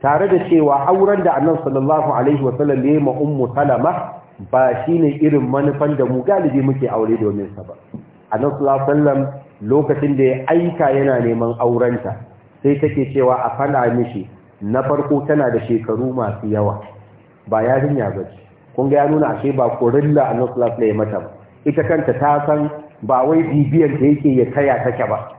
tare da cewa auren da annabi sallallahu alaihi wasallam ya yi ma ummu ba shine irin manufan da mu galibi muke aure domin sa ba annabi sallallahu alaihi lokacin da ya aika yana neman aurenta sai take cewa a fana mishi na farko tana da shekaru masu yawa ba yarinya ba ce kun ga ya nuna ashe ba korilla a North Lake ya mata ba ita kanta ta san ba wai bibiyar da yake ya taya take ba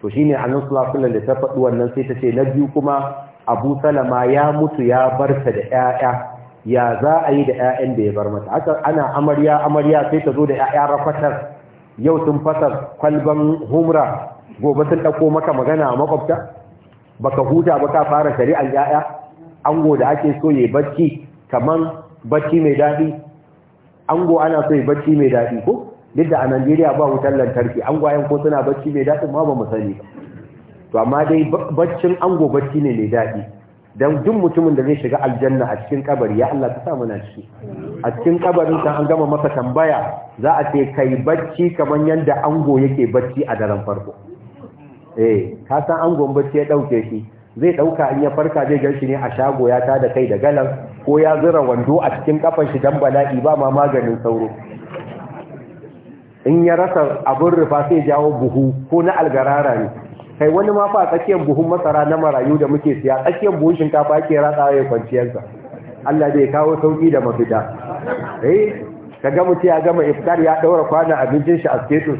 to shine a North Lake da ta faɗi wannan sai ta ce na biyu kuma abu salama ya mutu ya bar ta da 'ya'ya ya za a yi da 'ya'yan da ya bar mata haka ana amarya amarya sai ta zo da 'ya'ya rafatar yau sun fasar kwalban humra gobe sun ɗauko maka magana a makwabta ka huta ba ka fara shari'ar ya'ya ango da ake so ya bacci kaman bacci mai daɗi ango ana so ya bacci mai daɗi ko duk da a Najeriya ba wutar lantarki gwayan ko suna bacci mai daɗi ma ba mu sani to amma dai baccin ango bacci ne mai daɗi dan duk mutumin da zai shiga aljanna a cikin kabari ya Allah ka sa mu ciki a cikin kabarin kan an gama masa tambaya za a ce kai bacci kamar yadda ango yake bacci a daren farko eh ka san an gombace ya dauke shi zai dauka in ya farka zai gan ne a shago ya ta da kai da galan ko ya zura wando a cikin kafan shi dan bala'i ba ma maganin sauro in ya rasa abun rufa sai jawo buhu ko na algarara ne kai wani ma fa tsakiyar buhun masara na marayu da muke siya tsakiyar buhun shinkafa ke ratsawa ya kwanciyarsa Allah zai kawo sauki da mafita eh kaga mutum ya gama iftar ya daura kwana abincin shi a status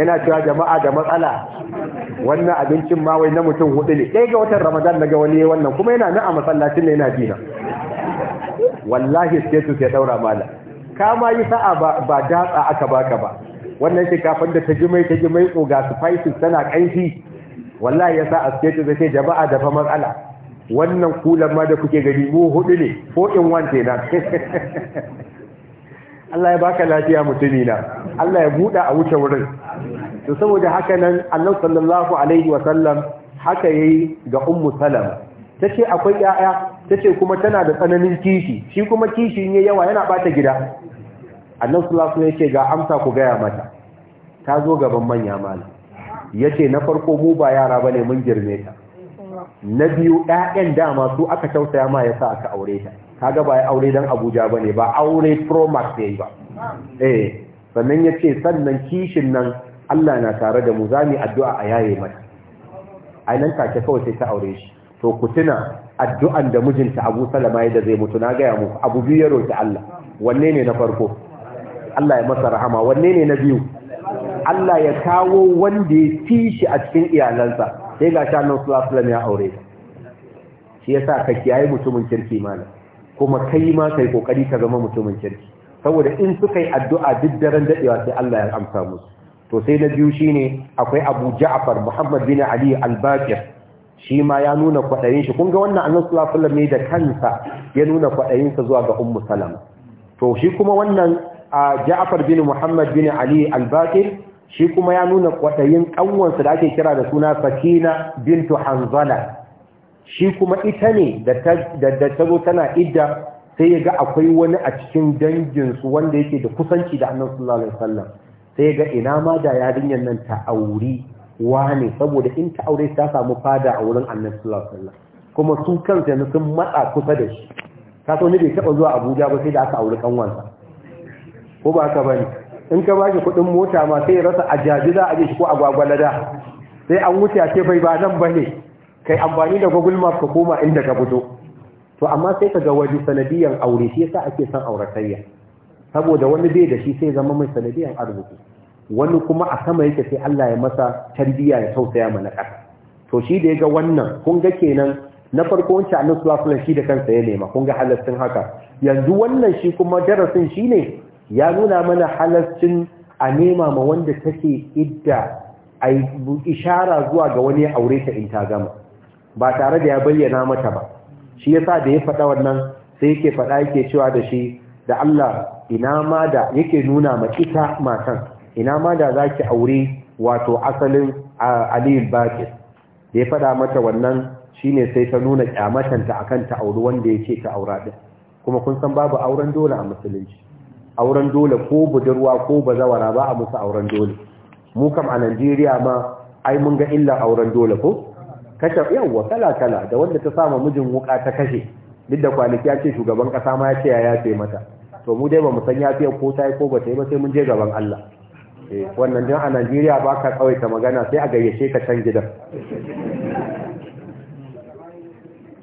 yana cewa jama'a da matsala wannan abincin ma wai na mutum hudu ne ɗaya ga watan ramadan na ga wani wannan kuma yana na a masallacin ne yana dina wallahi status ya daura mala kama yi sa'a ba datsa aka baka ba wannan kafin da ta jimai ta jimai tsoga spices tana kanshi wallahi ya sa a ce jama'a da fa matsala wannan kulan ma da kuke gani mu hudu ne Ko in one kenan Allah ya baka lafiya mutumina Allah ya buɗa a wuce wurin to saboda haka nan annabi sallallahu alaihi wa sallam haka yayi ga ummu salama tace akwai yaya tace kuma tana da tsananin kishi shi kuma kishi ne yawa yana bata gida annabi sallallahu alaihi yace ga amsa ku gaya mata ta zo gaban manya mala yace na farko mu ba yara bane mun girme ta na biyu 'ya'yan dama su aka tausaya ma yasa aka aure ta kaga ba ya aure dan Abuja bane ba aure promax ne ba eh sannan yace sannan kishin nan Allah na tare da mu za mu addu'a a yaye mata a nan take kawai sai ta aure shi to ku tuna addu'an da mijinta Abu Salama ya da zai mutu na gaya muku abu biyu ya ta Allah wanne ne na farko Allah ya masa rahama wanne ne na biyu Allah ya kawo wanda ya fi shi a cikin iyalansa sai ga sha nan sulasulam ya aure shi yasa ka kiyaye mutumin kirki mana kuma kai ma kai kokari ka zama mutumin kirki saboda in suka yi addu'a duk daren dadewa sai Allah ya amsa musu to sai na biyu shine akwai Abu Ja'far Muhammad bin Ali al-Baqir shi ma ya nuna kwadayin shi kun wannan Annabi sallallahu alaihi wasallam da kansa ya nuna kwadayin sa zuwa ga Ummu Salama to shi kuma wannan Ja'far bin Muhammad bin Ali al-Baqir shi kuma ya nuna kwaɗayin kanwansa da ake kira da suna Sakina bintu Hanzala shi kuma ita ne da ta zo tana idda sai ya ga akwai wani a cikin danginsu wanda yake da kusanci da annan sallallahu alaihi wasallam sai ga ina ma da yarinyar nan ta auri ne saboda in ta aure ta samu fada a wurin annabi sallallahu alaihi kuma su kansu yanzu sun matsa kusa da shi ka so ne bai taba zuwa Abuja ba sai da aka aure wansa. ko ba ka bane in ka bashi kuɗin mota ma sai rasa ajaji za a je shi ko agwagwalada sai an wuce a ce bai ba nan bane kai amfani da Google Maps ka koma inda ka fito to amma sai ka ga waje sanadiyan aure shi yasa ake son auratayya saboda wani bai da shi sai zama mai sanadiyan arziki wani kuma a sama yake sai Allah ya masa tarbiyya ya tausaya ma na ƙasa to shi da ya ga wannan kun ga kenan na farko wancan annabi sallallahu alaihi shi da kansa ya nema kun ga halaccin haka yanzu wannan shi kuma darasin shi ne ya nuna mana halaccin a nema ma wanda take idda a ishara zuwa ga wani aure ta in ta gama ba tare da ya bayyana mata ba shi yasa da ya faɗa wannan sai yake faɗa yake cewa da shi da Allah ina ma da yake nuna ma ita matan ina ma da zaki aure wato asalin aliyu bakir da ya faɗa mata wannan shine sai ta nuna kyamatanta akan ta auri wanda yake ta aura ɗin. kuma kun san babu auren dole a musulunci auren dole ko budurwa ko bazawara ba a musu auren dole mu kam a Najeriya ma ai mun ga illa auren dole ko kashe yawwa kala kala da wanda ta samu mijin wuka ta kashe duk da kwanaki ya ce shugaban kasa ma ya ce ya yafe mata to mu dai ba mu san yafiya ko ta yi ko ba ta yi ba sai mun je gaban Allah eh, wannan don a Najeriya ba ka tsawaita magana sai a gayyace ka can gidan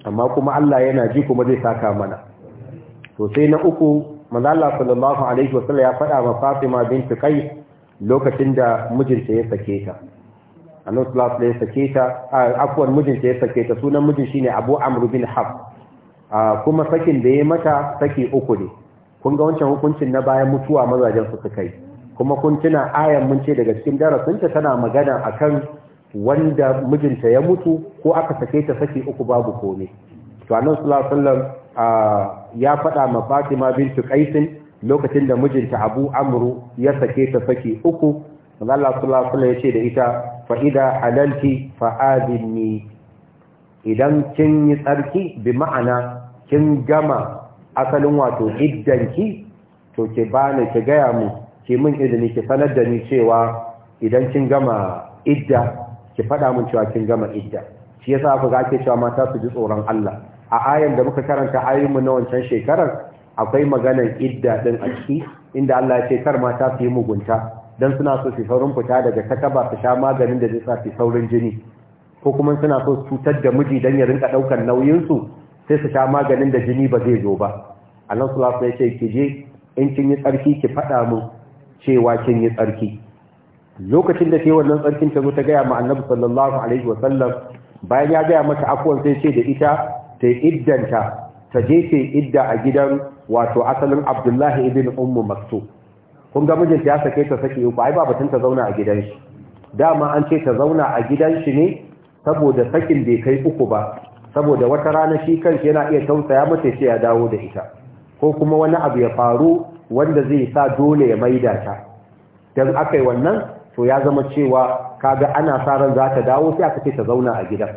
amma kuma Allah yana ji kuma zai saka mana to sai na uku manzo Allah sallallahu alaihi wasallam ya faɗa wa Fatima bint Qais lokacin da mijinta ya sake ta annabi sallallahu alaihi sake ta afwan mijinta ya sake ta sunan mijin shine Abu Amr bin Hab kuma sakin da ya mata saki uku ne kun ga wancan hukuncin na bayan mutuwa mazajen su suka yi kuma kun tuna ayan mun ce daga cikin darasinta tana magana akan wanda mijinta ya mutu ko aka sake ta saki uku babu kome to annabi sallallahu alaihi wasallam ya faɗa ma Fatima bintu Qais lokacin da mijinta Abu Amru ya sake ta saki uku Allah sallallahu alaihi wasallam ya ce da ita fa ida halalti fa adinni idan kin yi tsarki bi ma'ana kin gama asalin wato iddanki to ki bani ki gaya mu ki min izini ki sanar da ni cewa idan kin gama idda ki faɗa mun cewa kin gama idda shi yasa ku ga ake cewa mata su ji tsoron Allah a ayan da muka karanta ayoyin mu na wancan shekarar akwai maganar idda din a ciki inda Allah ya ce kar mata su yi mugunta dan suna so su saurin fita daga takaba su sha maganin da zai sa su saurin jini ko kuma suna so su cutar da miji dan ya rinka daukar nauyin su sai su sha maganin da jini ba zai zo ba Allah sallallahu ya ce ki je in kin yi tsarki ki faɗa mu cewa kin yi tsarki lokacin da ke wannan tsarkin ta zo ta gaya ma annabi sallallahu alaihi wasallam bayan ya gaya mata akwai sai ce da ita ta iddanta ta je ta idda a gidan wato asalin abdullahi ibn ummu maktu kun ga mijinta ya sake ta sake uku ai ba batun ta zauna a gidan shi dama an ce ta zauna a gidan shi ne saboda sakin bai kai uku ba saboda wata rana shi kansa yana iya tausaya mace sai ya dawo da ita ko kuma wani abu ya faru wanda zai sa dole ya maida ta dan akai wannan to ya zama cewa kaga ana sa ran za ta dawo sai aka ce ta zauna a gidan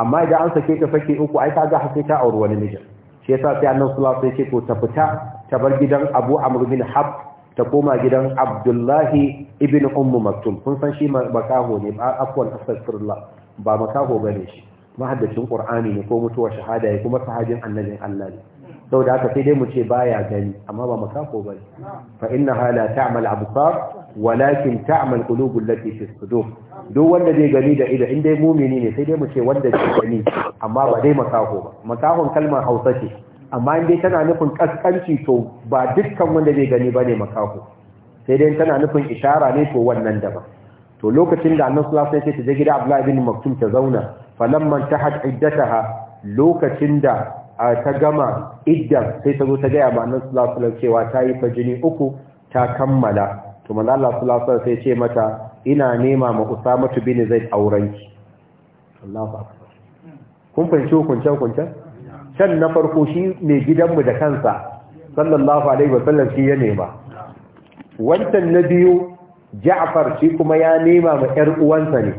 amma idan an sake ta fake uku ai kaga har sai ta auri wani mijin shi yasa sai annabi sallallahu alaihi wasallam ce to ta fita ta bar gidan Abu Amr bin Hab ta koma gidan Abdullahi ibn Ummu Maktum kun san shi makaho ne afwan astaghfirullah ba makaho bane shi mahaddacin qur'ani ne ko mutuwar shahada ya kuma sahabin annabin Allah ne Sau da haka sai dai mu ce baya gani amma ba makafo bane fa innaha hala ta'mal absar walakin ta'mal qulubul lati fi sudur duk wanda zai gani da ido in dai mumini ne sai dai mu ce wanda zai gani amma ba dai makafo ba Makahon kalmar Hausa ce amma in dai tana nufin kaskanci to ba dukkan wanda zai gani bane makafo sai dai tana nufin ishara ne to wannan daban to lokacin da annabi sallallahu alaihi wasallam ya ce ta je gida Abdullah ibn Maktum ta zauna falamman tahat iddataha lokacin da ta gama iddan sai ta zo ta gaya ma annabi sallallahu alaihi wasallam cewa ta yi fajini uku ta kammala to manzo Allah sallallahu alaihi wasallam sai ce mata ina nema ma Usamatu bin Zaid aurenki Allahu akbar kun fahimci hukuncin hukuncin can na farko shi ne gidanmu da kansa sallallahu alaihi wasallam shi ya nema wancan na biyu Ja'far shi kuma ya nema ma ƴar uwansa ne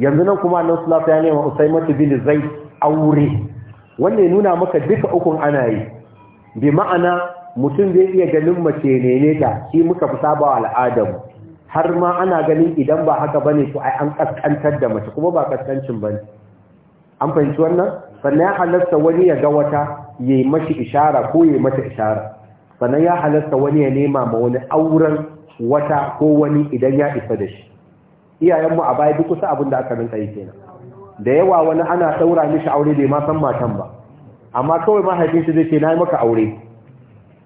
yanzu nan kuma annabi su lafiya ne wa usaimatu bin zai aure wanda ya nuna maka duka ukun ana yi bi ma'ana mutum zai iya ganin mace ne ta shi muka fi saba al'adar har ma ana ganin idan ba haka bane to ai an kaskantar da mace kuma ba kaskancin bane an fahimci wannan sannan ya halarta wani ya ga wata yayi mashi ishara ko yi mata ishara sannan ya halarta wani ya nema ma wani auren wata ko wani idan ya isa da shi iyayenmu a baya duk kusa abin da aka rinka yi kenan da yawa wani ana daura mishi aure bai ma san matan ba amma kawai mahaifin shi zai ce na yi maka aure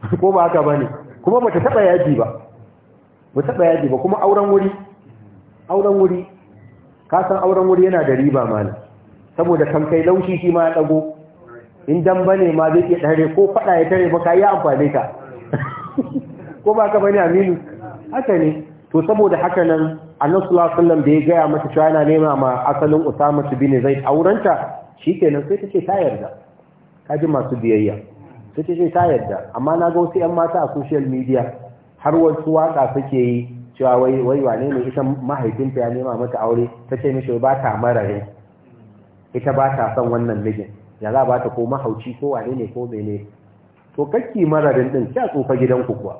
ko ba haka bane kuma bata taba yaji ba ba taba yaji ba kuma auren wuri auren wuri ka san auren wuri yana da riba malam saboda kan kai laushi shi ma ya dago in dan bane ma zai iya dare ko fada ya tare maka ya amfane ka ko ba ka bane aminu haka ne to saboda haka nan annabi sallallahu alaihi wasallam da ya gaya mata cewa yana nema ma asalin Usama zai Zaid aurenta shikenan sai ce ta yarda kaji masu biyayya sai ce ta yarda amma na ga wasu 'yan mata a social media har wasu waka suke yi cewa wai wai wane ne ita mahaifinta ya nema mata aure tace mishi ba ta mararin ita ba ta son wannan mijin ya za ba ta ko mahauci ko wane ne ko mene to kakki mararin din kya tsofa gidanku kuwa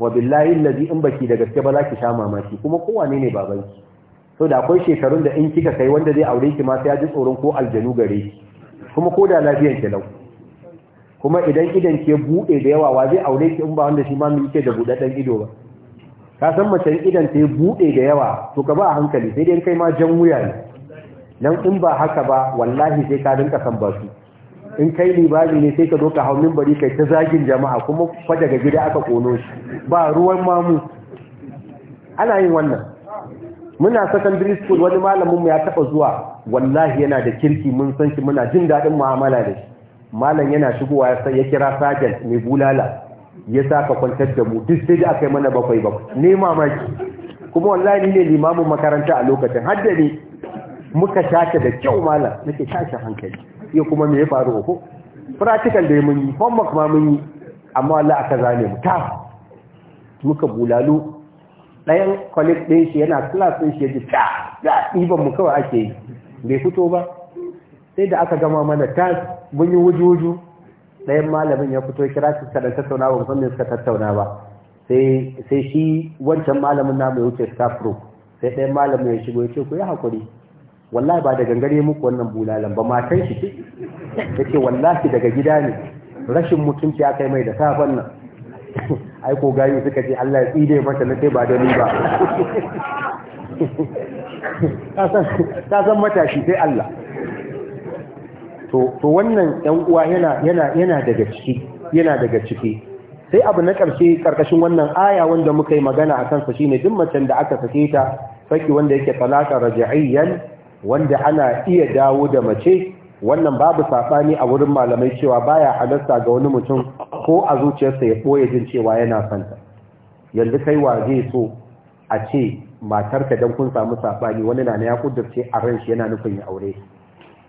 wa billahi allazi in baki da gaske ba za ki sha mamaki kuma kowane ne babanki to da akwai shekarun da in kika kai wanda zai aure ki ma sai ya ji tsoron ko aljanu gare ki kuma ko da lafiyar ki lau kuma idan idan ke bude da yawa wa zai aure ki in ba wanda shi ma mu yake da budaddan ido ba ka san mace idan ta bude da yawa to ka ba a hankali sai dai kai ma jan wuya ne dan in ba haka ba wallahi sai ka dinka san ba su in kai libari ne sai ka zo ka hau bari kai ta zagin jama'a kuma fa daga gida aka kono shi ba ruwan mamu ana yin wannan muna secondary school wani malamin mu ya taba zuwa wallahi yana da kirki mun san shi muna jin daɗin mu'amala da shi malam yana shigowa ya ya kira sergeant mai bulala ya saka kwantar da mu duk sai da aka yi mana bakwai bakwai ne mamaki kuma wallahi ni ne limamin makaranta a lokacin har da ne muka shaka da kyau malam nake tashi hankali ya kuma me ya faru ko practical da mun yi homework ma mun yi amma Allah aka zane mu ta muka bulalu ɗayan colleague din shi yana class din shi ya ji ta ga ɗiban mu kawai ake yi bai fito ba sai da aka gama mana ta mun yi wuju-wuju ɗayan malamin ya fito kira su kada tattauna ba musamman suka tattauna ba sai shi wancan malamin na mai wuce staff room sai ɗayan malamin ya shigo ya ce ku yi hakuri wallahi ba da gangare muku wannan bulalan ba matan shi ce yake wallahi daga gida ne rashin mutunci aka yi mai da safan nan ai ko gayu suka ce Allah ya tsire mata na sai ba da ni ba ta san matashi sai Allah to wannan 'yan uwa yana yana yana daga ciki yana daga ciki sai abu na ƙarshe ƙarƙashin wannan aya wanda muka yi magana a kansa shine duk macen da aka sake ta saki wanda yake talaka raja'iyyan wanda ana iya dawo da mace wannan babu saɓani a wurin malamai cewa baya halarta ga wani mutum ko a zuciyarsa ya ɓoye jin cewa yana santa yanzu kai wa zai so a ce matarka don kun samu saɓani wani na ya kudurce a ran shi yana nufin ya aure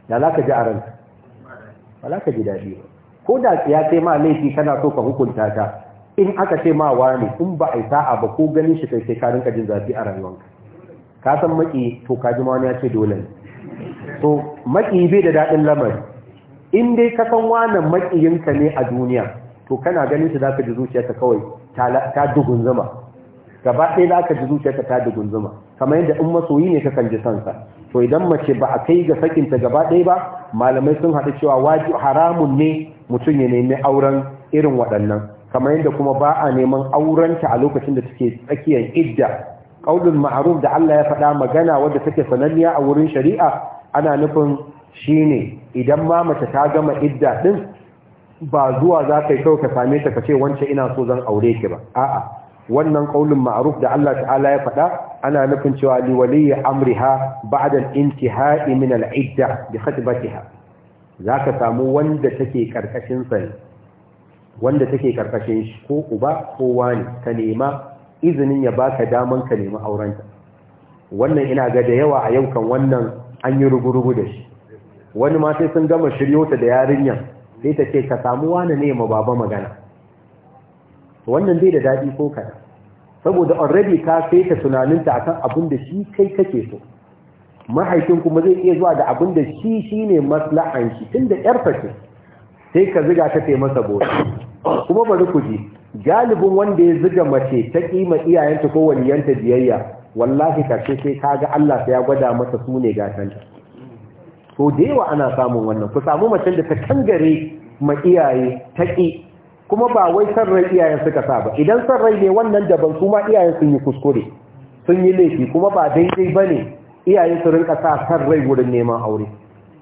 da za ka ji a ran ba za ka ji daɗi ko da ya ce ma laifi kana so ka hukunta ta in aka ce ma wani in ba a yi sa'a ba ko ganin shi kai sai ka rinka jin zafi a rayuwanka ka san maki to ka ji wani ya ce dole to maki bai da daɗin lamari in dai ka san wannan makiyinka ne a duniya to kana ganin shi ka ji zuciyarka kawai ta dugun zuma gaba ɗaya ka ji zuciyarka ta dugun zuma kamar yadda in masoyi ne ka ji sansa to idan mace ba a kai ga sakinta gaba ɗaya ba malamai sun haɗu cewa wajibi haramun ne mutum ya nemi auren irin waɗannan kamar yadda kuma ba a neman aurenta a lokacin da take tsakiyar idda qaulul ma'ruf da Allah ya faɗa magana wadda take sananniya a wurin shari'a ana nufin shine idan ma mace ta gama idda din ba zuwa za ka yi ka same ta ka ce wance ina so zan aure ki ba a'a wannan qaulul ma'ruf da Allah ta'ala ya faɗa ana nufin cewa li waliyyi amriha ba'da al-intihai min al-idda bi khatbatiha zaka samu wanda take karkashin sa wanda take karkashin shi ko uba ko wani ka nema izinin ya baka daman ka nemi aurenta wannan ina ga da yawa a yau kan wannan an yi rugurugu da shi wani ma sai sun gama shiryo ta da yarinyar sai ta ce ka samu wani ne ma baba magana wannan zai da daɗi ko kaɗa. saboda already ka sai ta tunaninta akan abin da shi kai kake so mahaifin kuma zai iya zuwa da abin da shi shi ne maslahan shi tun da ƴarfa ce sai ka ziga ta taimaka gobe kuma bari ku ji galibin wanda ya zuga mace ta kima iyayenta ko waliyanta biyayya wallahi karshe sai kaga Allah sai ya gwada masa sune ne ta. to da yawa ana samun wannan ku samu mace da ta kangare ma iyaye ta ki kuma ba wai san rai iyayen suka sa ba idan san rai ne wannan daban ban kuma iyayen sun yi kuskure sun yi laifi kuma ba daidai bane iyayen su rinka sa san rai wurin neman aure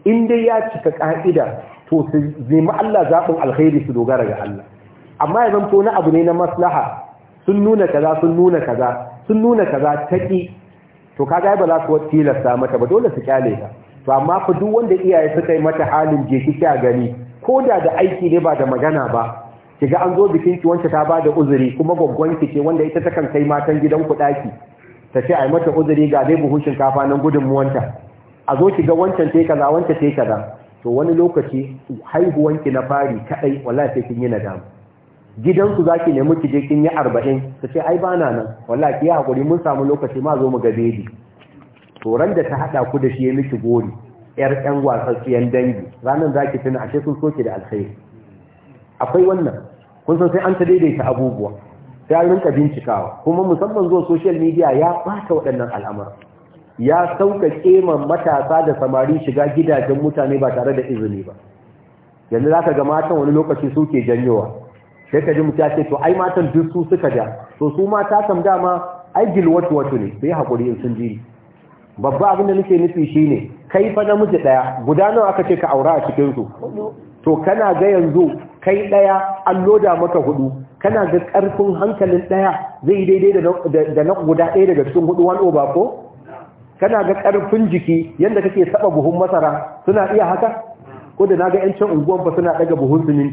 in dai ya cika ka'ida to su zima Allah zaɓin alkhairi su dogara ga Allah amma ya zanto na abu ne na maslaha sun nuna kaza sun nuna kaza sun nuna kaza taƙi to kaga ba za su tilasta mata ba dole su kyale ta to amma fa duk wanda iyaye suka yi mata halin je ki a gani ko da da aiki ne ba da magana ba kiga an zo bikin ki wanda ta bada uzuri kuma gwaggwan ki ce wanda ita ta kan kai matan gidan ku daki ta ce ai mata uzuri ga dai buhun shinkafa nan gudun muwanta a zo kiga wancan te kaza wancan te kaza to wani lokaci haihuwanki na fari kadai wallahi sai kin yi nadama gidansu zaki nemi ki je kin yi arba'in? ta ce ai bana nan wallahi ki hakuri mun samu lokaci ma zo mu ga bebi to ran da ta hada ku da shi ya miki gori yar ɗan wasassiyan dangi ranan za ki tuna ashe sun soke da alkhairi akwai wannan kun san sai an ta daidaita abubuwa sai an rinka bincikawa kuma musamman zuwa social media ya ɓata waɗannan al'amuran ya sauka ma matasa da samari shiga gidajen mutane ba tare da izini ba yanzu za ka ga matan wani lokaci suke janyowa sai ka ji mutu ya ce to ai matan duk su suka ja to su mata kam dama ai gilwatu wato ne sai haƙuri in sun jiri babba abin da nake nufi ne, kai fa namiji ɗaya guda nawa aka ce ka aura a cikin su to kana ga yanzu kai ɗaya an loda maka hudu kana ga ƙarfin hankalin ɗaya zai daidai da na guda ɗaya daga cikin hudu wani oba ko kana ga karfin jiki yadda kake saba buhun masara suna iya haka ko da ga yancin unguwan ba suna daga buhun su ne?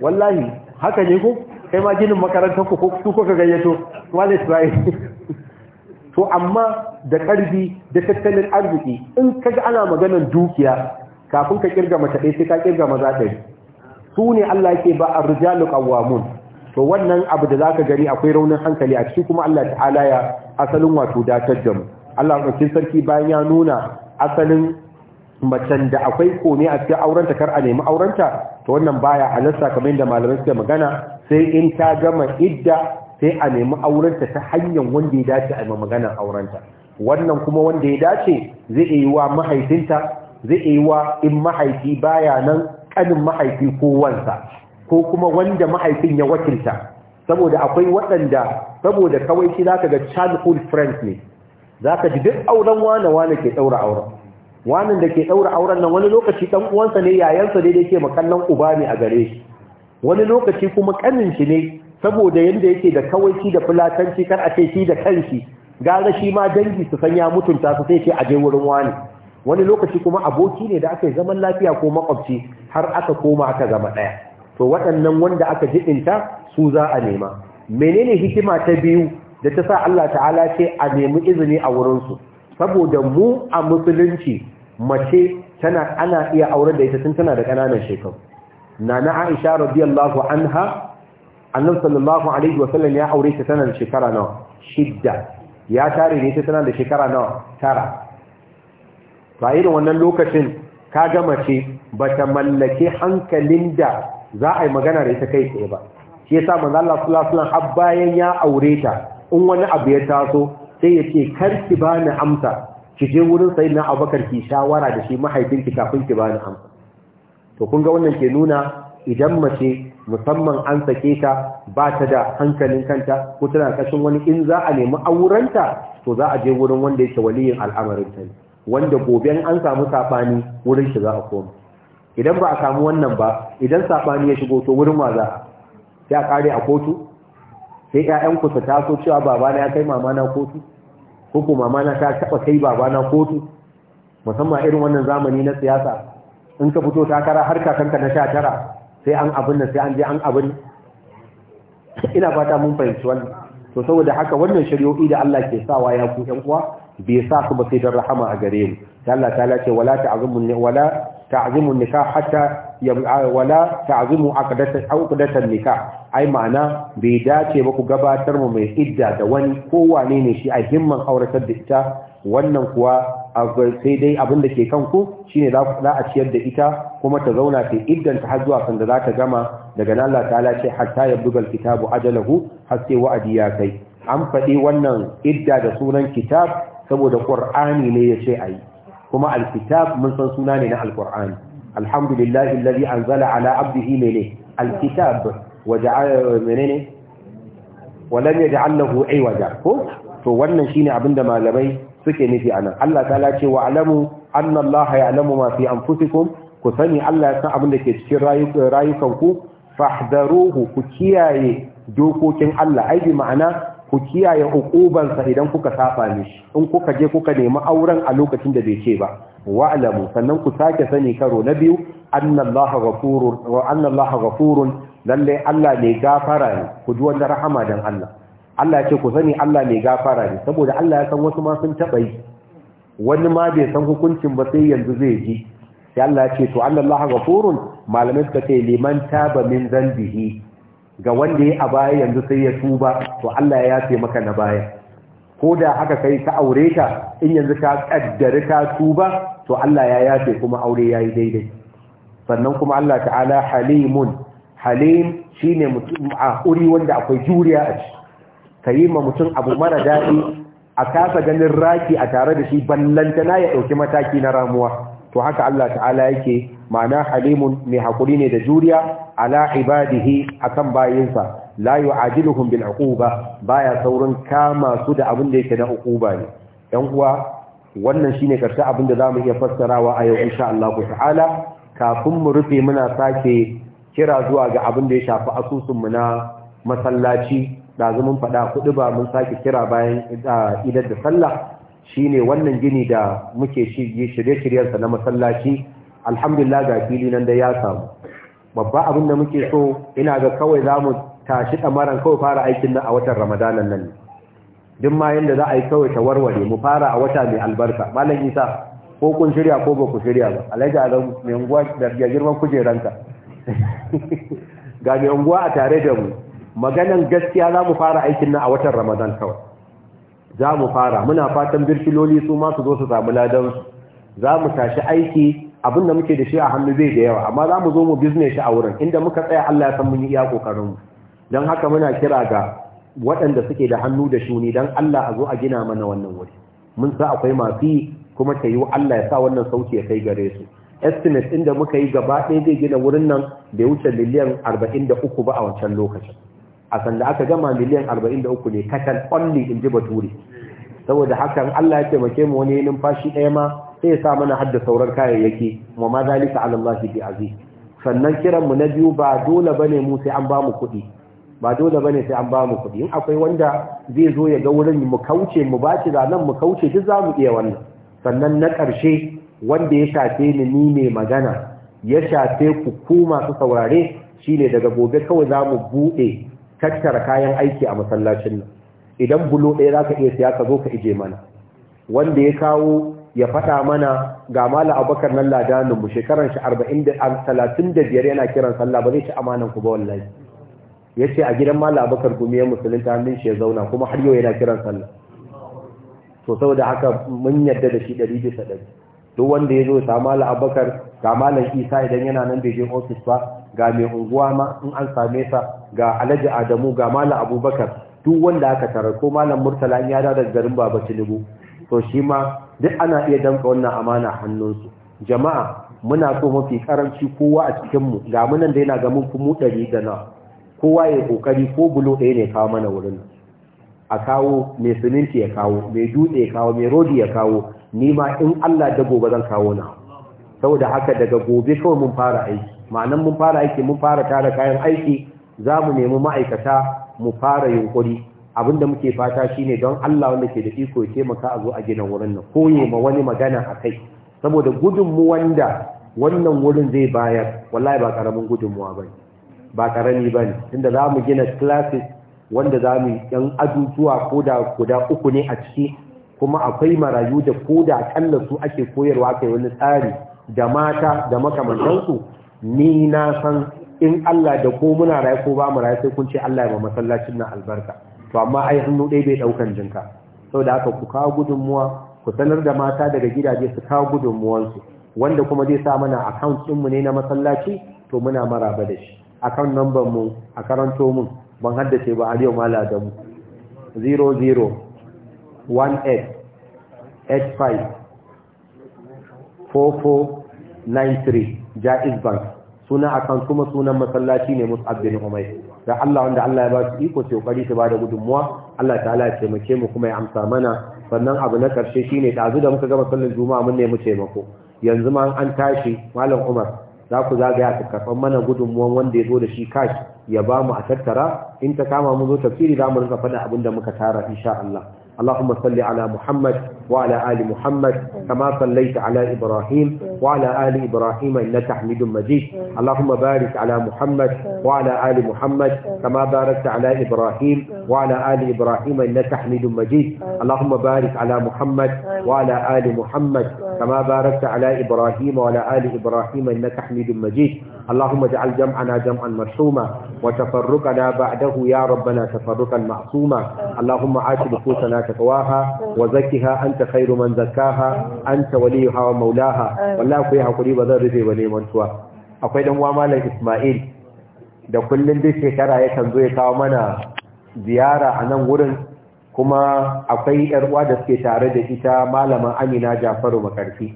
wallahi haka ne ko kai ma ginin makarantar ku su kuka gayyato wale tsaye to amma da karfi da tattalin arziki in kaga ana maganar dukiya kafin ka ƙirga mata ɗaya sai ka kirga maza ɗari su ne Allah yake ba a rijalu qawwamun to wannan abu da zaka gani akwai raunin hankali a cikin kuma Allah ta'ala ya asalin wato datar da mu Allah ɗauki sarki bayan ya nuna asalin macen da akwai kone a cikin aurenta kar a nemi aurenta to wannan baya lissa kamar yadda malamai suke magana sai in ta gama idda sai a nemi aurenta ta hanyar wanda ya dace a maganar aurenta wannan kuma wanda ya dace zai iya wa mahaifinta zai iya wa in mahaifi baya nan kanin mahaifi ko wansa ko kuma wanda mahaifin ya wakilta saboda akwai waɗanda saboda kawai shi zaka ga childhood friends ne za ka ji duk auren wane wane ke ɗaura auren wanin da ke ɗaura auren nan wani lokaci ɗan uwansa ne yayansa ne da yake makallan uba ne a gare shi wani lokaci kuma ƙanin shi ne saboda yadda yake da kawaici da fulatanci kar a ce shi da kanshi gara shi ma dangi su san ya mutunta su sai ce a je wurin wani wani lokaci kuma aboki ne da aka yi zaman lafiya ko makwabci har aka koma aka zama ɗaya to waɗannan wanda aka jiɗinta su za a nema menene hikima ta biyu da ta sa Allah ta'ala ce a nemi izini a wurinsu saboda mu a musulunci mace tana ana iya aure da ita tun tana da ƙananan shekaru nana Aisha radiyallahu anha annabi sallallahu alaihi wa sallam ya aure ta tana da shekara nawa shidda ya tare ne ta tana da shekara nawa tara to a wannan lokacin kaga mace bata mallake hankalin da za a yi magana da ita kai tsaye ba shi yasa manzo Allah sallallahu alaihi har bayan ya aure ta in wani abu ya taso sai ya ce kar ki bani amsa ki je wurin sayyidina Abubakar ki shawara da shi mahaifinki kafin ki bani amsa to kun ga wannan ke nuna idan mace musamman an sake ta ba ta da hankalin kanta ko tana kashin wani in za a nemi aurenta to za a je wurin wanda yake waliyin al'amarin ta wanda gobe an samu sabani wurin shi za a koma idan ba a samu wannan ba idan sabani ya shigo to wurin ma za a kare a kotu sai 'ya'yanku su taso cewa babana ya kai mamana kotu ko mamana ta taɓa kai babana kotu musamman irin wannan zamani na siyasa in ka fito takara har kakanka na sha tara sai an abin da sai an je an abin ina fata mun fahimci wannan to saboda haka wannan shari'o'i da Allah ke sawa ya ku 'yan uwa bai sa su ba sai don rahama a gare mu Allah ta lace wala ta'zimun wala ta'zimun nikah hatta wala ta'zimu aqdatan aqdatan nikah ai ma'ana bai dace ba ku gabatar mu mai idda da wani kowane ne shi a himman auratar da ita wannan kuwa sai dai abin da ke kanku shine za a ciyar da ita kuma ta zauna ta iddanta har zuwa sanda za ta gama daga nan Allah ta'ala ce hatta ya bugal kitabu ajalahu har sai wa'adi ya kai an faɗi wannan idda da sunan kitab saboda qur'ani ne ya ce ayi kuma alkitab mun san suna ne na alqur'ani alhamdulillahi alladhi anzala ala abdihi mene alkitab waja'ala menene walam yaj'al lahu aywaja ko to wannan shine abinda malamai suke nufi anan Allah ta'ala ce wa alamu anna Allah ya'lamu ma fi anfusikum ku sani Allah ya san da ke cikin rayukanku fahdaruhu ku kiyaye dokokin Allah ai ma'ana ku kiyaye hukubansa idan kuka saba mishi in kuka je kuka nemi auren a lokacin da bai ce ba wa'lamu sannan ku sake sani karo na biyu annallaha ghafurun wa lallai ghafurun lalle Allah ne gafara ne ku ji wannan rahama dan Allah Allah ce ku sani Allah mai gafara ne saboda Allah ya san wasu ma sun taɓa yi wani ma bai san hukuncin ba sai yanzu zai ji sai Allah ce to annallaha ghafurun malamai suka ce liman taba min zambihi ga wanda ya a baya yanzu sai ya tuba to Allah ya yafe maka na baya ko da haka kai ka aure ta in yanzu ka kaddari ka tuba to Allah ya yafe kuma aure yayi daidai sannan kuma Allah ta'ala halimun halim shine mutum a uri wanda akwai juriya a ciki kayi ma mutum abu mara daɗi a kasa ganin raki a tare da shi ballantana ya ɗauki mataki na ramuwa to haka Allah ta'ala yake ma'ana halimun mai hakuri ne da juriya ala ibadihi akan bayinsa la yu'ajiluhum bil uquba baya saurin kama su da abin da yake na uquba ne dan uwa wannan shine karshe abin da za mu iya fassarawa a yau insha Allah ta'ala kafin mu rufe muna sake kira zuwa ga abin da ya shafi asusun mu na masallaci dazu mun faɗa kuɗi ba mun sake kira bayan idar da sallah shine wannan gini da muke shirye sa na masallaci alhamdulillah ga fili nan da ya samu babba abin da muke so ina ga kawai za mu tashi ɗamaran kawai fara aikin nan a watan ramadanan nan duk ma yadda za a yi kawai shawarware mu fara a wata mai albarka malam isa ko kun shirya ko ba ku shirya ba alhaji adam mai da ya girman kujeranka ga mai a tare da mu maganan gaskiya za mu fara aikin nan a watan ramadan kawai za mu fara muna fatan birkiloli su ma su zo su samu ladan za mu tashi aiki abin da muke da shi a hannu zai da yawa amma za mu zo mu bizne shi a wurin inda muka tsaya Allah ya san mun yi iya kokarin mu don haka muna kira ga waɗanda suke da hannu da shuni don Allah a zo a gina mana wannan wuri mun sa akwai masu yi kuma ta yi Allah ya sa wannan sauti ya kai gare su estimate ɗin da muka yi gaba ɗaya zai gina wurin nan da wuce miliyan 43 ba a wancan lokacin a sanda aka gama miliyan 43 ne katal only in ji bature saboda hakan Allah ya taimake mu wani numfashi ɗaya ma sai ya sa mana hadda sauran kayayyaki wa ma zalika ala Allah bi aziz sannan kiran mu na biyu ba dole ba bane mu sai an ba mu kuɗi ba dole bane sai an ba mu kuɗi in akwai wanda zai zo ya ga wurin mu kauce mu ba shi nan mu kauce duk zamu iya wannan sannan na ƙarshe wanda ya shafe ni ni mai magana ya shafe ku ku masu saurare shine daga gobe kawai zamu mu buɗe tattara kayan aiki a masallacin nan idan bulo ɗaya zaka iya siya ka zo ka ije mana wanda ya kawo ya faɗa mana ga Malam abakar nan mu shekaran shi 40 da biyar yana kiran sallah ba zai ci amanan ku ba wallahi ya ce a gidan mala abakar gumi ya musulunta hannun shi ya zauna kuma har yau yana kiran sallah So saboda haka mun yarda da shi ɗari bisa ɗari duk wanda ya zo ta mala abakar ga malam isa idan yana nan bai ofis ba ga mai unguwa ma in an same sa ga alhaji adamu ga malam abubakar duk wanda aka tara ko malam murtala in da daga garin baba tinubu to shi ma duk ana iya danka wannan amana hannunsu jama'a muna so mafi karanci kowa a cikinmu ga munan da yana ga mun fi mu ɗari da na kowa ya kokari ko bulo ɗaya ne kawo mana wurin a kawo mai siminti ya kawo mai dutse ya kawo mai rodi ya kawo ni ma in Allah da gobe zan kawo na saboda haka daga gobe kawai mun fara aiki ma'anan mun fara aiki mun fara tara kayan aiki za mu nemi ma'aikata mu fara yunkuri abinda muke fata shine don Allah wanda ke da iko ya taimaka a zo a gina wurin nan koye ma wani magana a kai saboda gudunmu wanda wannan wurin zai bayar wallahi ba karamin gudunmuwa bane ba karami ba ne inda za mu gina classes wanda za mu yan ajujuwa ko da guda uku ne a ciki kuma akwai marayu da ko da akalla su ake koyarwa kai wani tsari da mata da makamantansu ni na san in Allah da ko muna rayu ko ba mu rayu sai kun ce Allah ya ba masallacin nan albarka to amma ai hannu ɗaya bai ɗaukan jinka saboda haka ku kawo gudunmuwa ku sanar da mata daga gidaje su kawo gudunmuwansu wanda kuma zai sa mana account mu ne na masallaci to muna maraba da shi akan namban mu a karanto mun ban haddace ba har yau mala da mu 0018854493 jaiz bank suna a kan kuma sunan masallaci ne Musa bin umayr da Allah wanda Allah ya ba su iko ce kokari su ba da gudunmuwa Allah ta'ala ya taimake mu kuma ya amsa mana sannan abu na karshe shine dazu da muka gama sallar juma'a mun ne mu taimako yanzu ma an tashi malam Umar za ku zagaya ka karɓar mana gudunmuwan wanda ya zo da shi kashi ya ba mu a tattara in ta kama mu zo tafsiri za mu rinka faɗa abin da muka tara insha Allah اللهم صل على محمد وعلى آل محمد كما صليت على إبراهيم وعلى آل إبراهيم إنك حميد مجيد اللهم بارك على محمد وعلى آل محمد كما باركت على إبراهيم وعلى آل إبراهيم إنك حميد مجيد اللهم بارك على محمد وعلى آل محمد كما باركت على إبراهيم وعلى آل إبراهيم إنك حميد مجيد اللهم اجعل جمعنا جمعا مرحوما وتفرقنا بعده يا ربنا تفرقا معصوما اللهم عاش نفوسنا تقواها وزكها أنت خير من زكاها أنت وليها ومولاها والله فيها قريب ذرزي ولي منتوى أقول أموا مالا إسماعيل da kullum duk shekara yakan zo ya kawo mana ziyara a nan wurin kuma akwai yar'uwa da suke tare da ita malaman Amina Jafaru Makarfi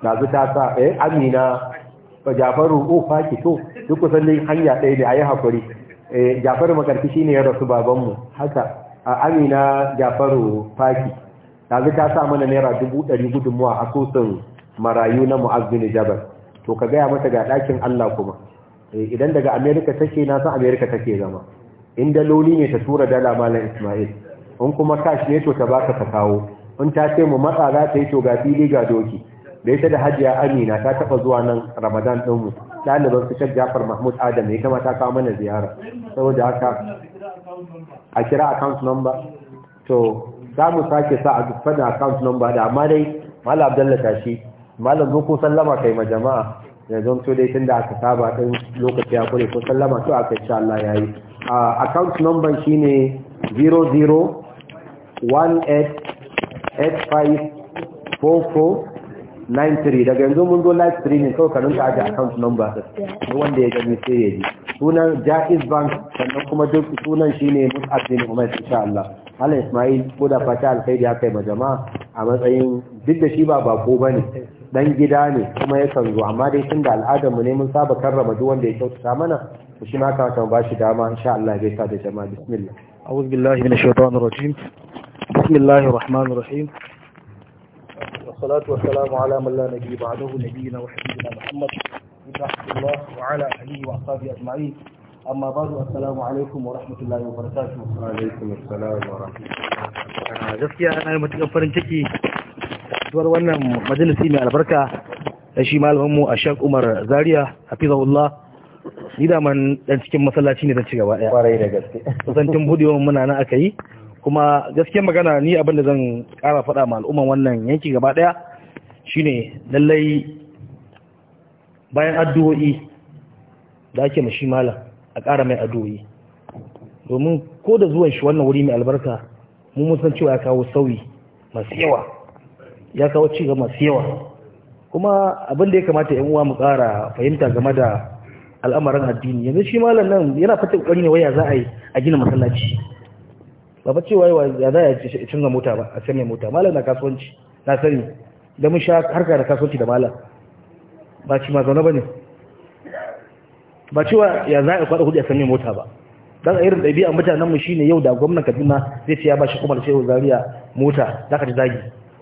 su ta sa eh Amina Jafaru o oh, faki to duk kusan dai hanya ɗaya da ayi hakuri eh Jafaru Makarfi shine ya rasu baban mu haka Amina Jafaru faki su ta sa mana naira dubu ɗari gudunmuwa a sosin marayu na Mu'azzin Jabal to ka gaya mata ga ɗakin Allah kuma eh, idan daga Amerika take na san Amerika take zama Inda daloli ne ta tura dala malam Ismail in kuma kashi ne to ta baka ka kawo in ta ce mu matsa za ta yi to ga fili ga doki da ita da hajiya amina ta taɓa zuwa nan ramadan mu. ɗaliban su shek jafar mahmud adam ne kama ta kawo mana ziyara saboda haka a kira account number to za mu sake sa a fada account number da amma dai malam abdullahi tashi malam zo ko sallama kai ma jama'a da zon to dai tunda aka saba din lokaci ya kure ko sallama to aka insha Allah yayi ah, account number shine 00 18854493 daga yanzu mun zo live streaming kawai ka rinka account number din wanda ya gani sai ya ji sunan Jaiz Bank sannan kuma duk sunan shi ne Mus'ab bin Umar insha Allah Allah Ismail ko da fata alkhairi ya kai ma jama'a a matsayin duk da shi ba bako bane dan gida ne kuma yakan zo amma dai da al'adar mu ne mun saba karrama duk wanda ya kyautata mana shi ma ka ta shi dama insha Allah zai sa da jama'a bismillah أعوذ بالله من الشيطان الرجيم بسم الله الرحمن الرحيم والصلاة والسلام على من لا نبي بعده نبينا وحبيبنا محمد بحمد الله وعلى آله وأصحابه أجمعين أما بعد السلام عليكم ورحمة الله وبركاته وعليكم السلام ورحمة الله gaskiya أنا yi matuƙar farin ciki zuwar wannan majalisi mai أشي مال أمو أشاك أمر زاريا حفظه الله ni da man dan cikin masallaci ne zan ci gaba daya kwarai da gaske kusan tun budewa muna nan aka yi kuma gaskiyar magana ni abin da zan kara faɗa ma al'umman wannan yanki gaba ɗaya shine lallai bayan addu'o'i da ake mashi malam a ƙara mai addu'o'i domin ko da zuwan shi wannan wuri mai albarka mu mun san cewa ya kawo sauyi masu yawa ya kawo ci gaba masu yawa kuma abin da ya kamata yan uwa mu ƙara fahimta game da al'amarin addini yanzu shi malam nan yana fata kokari ne waya za a yi a gina masallaci ba ce cewa ya za a ci canza mota ba a canza mota malam na kasuwanci na sani da mun sha harka da kasuwanci da malam ba ci ma zaune ba ne ba cewa ya za a kwada kudi a canza mota ba dan a irin ɗabi'a mutanen mu shine yau da gwamnan Kaduna zai ce ya bashi kuma da shehu Zaria mota za ka ji zagi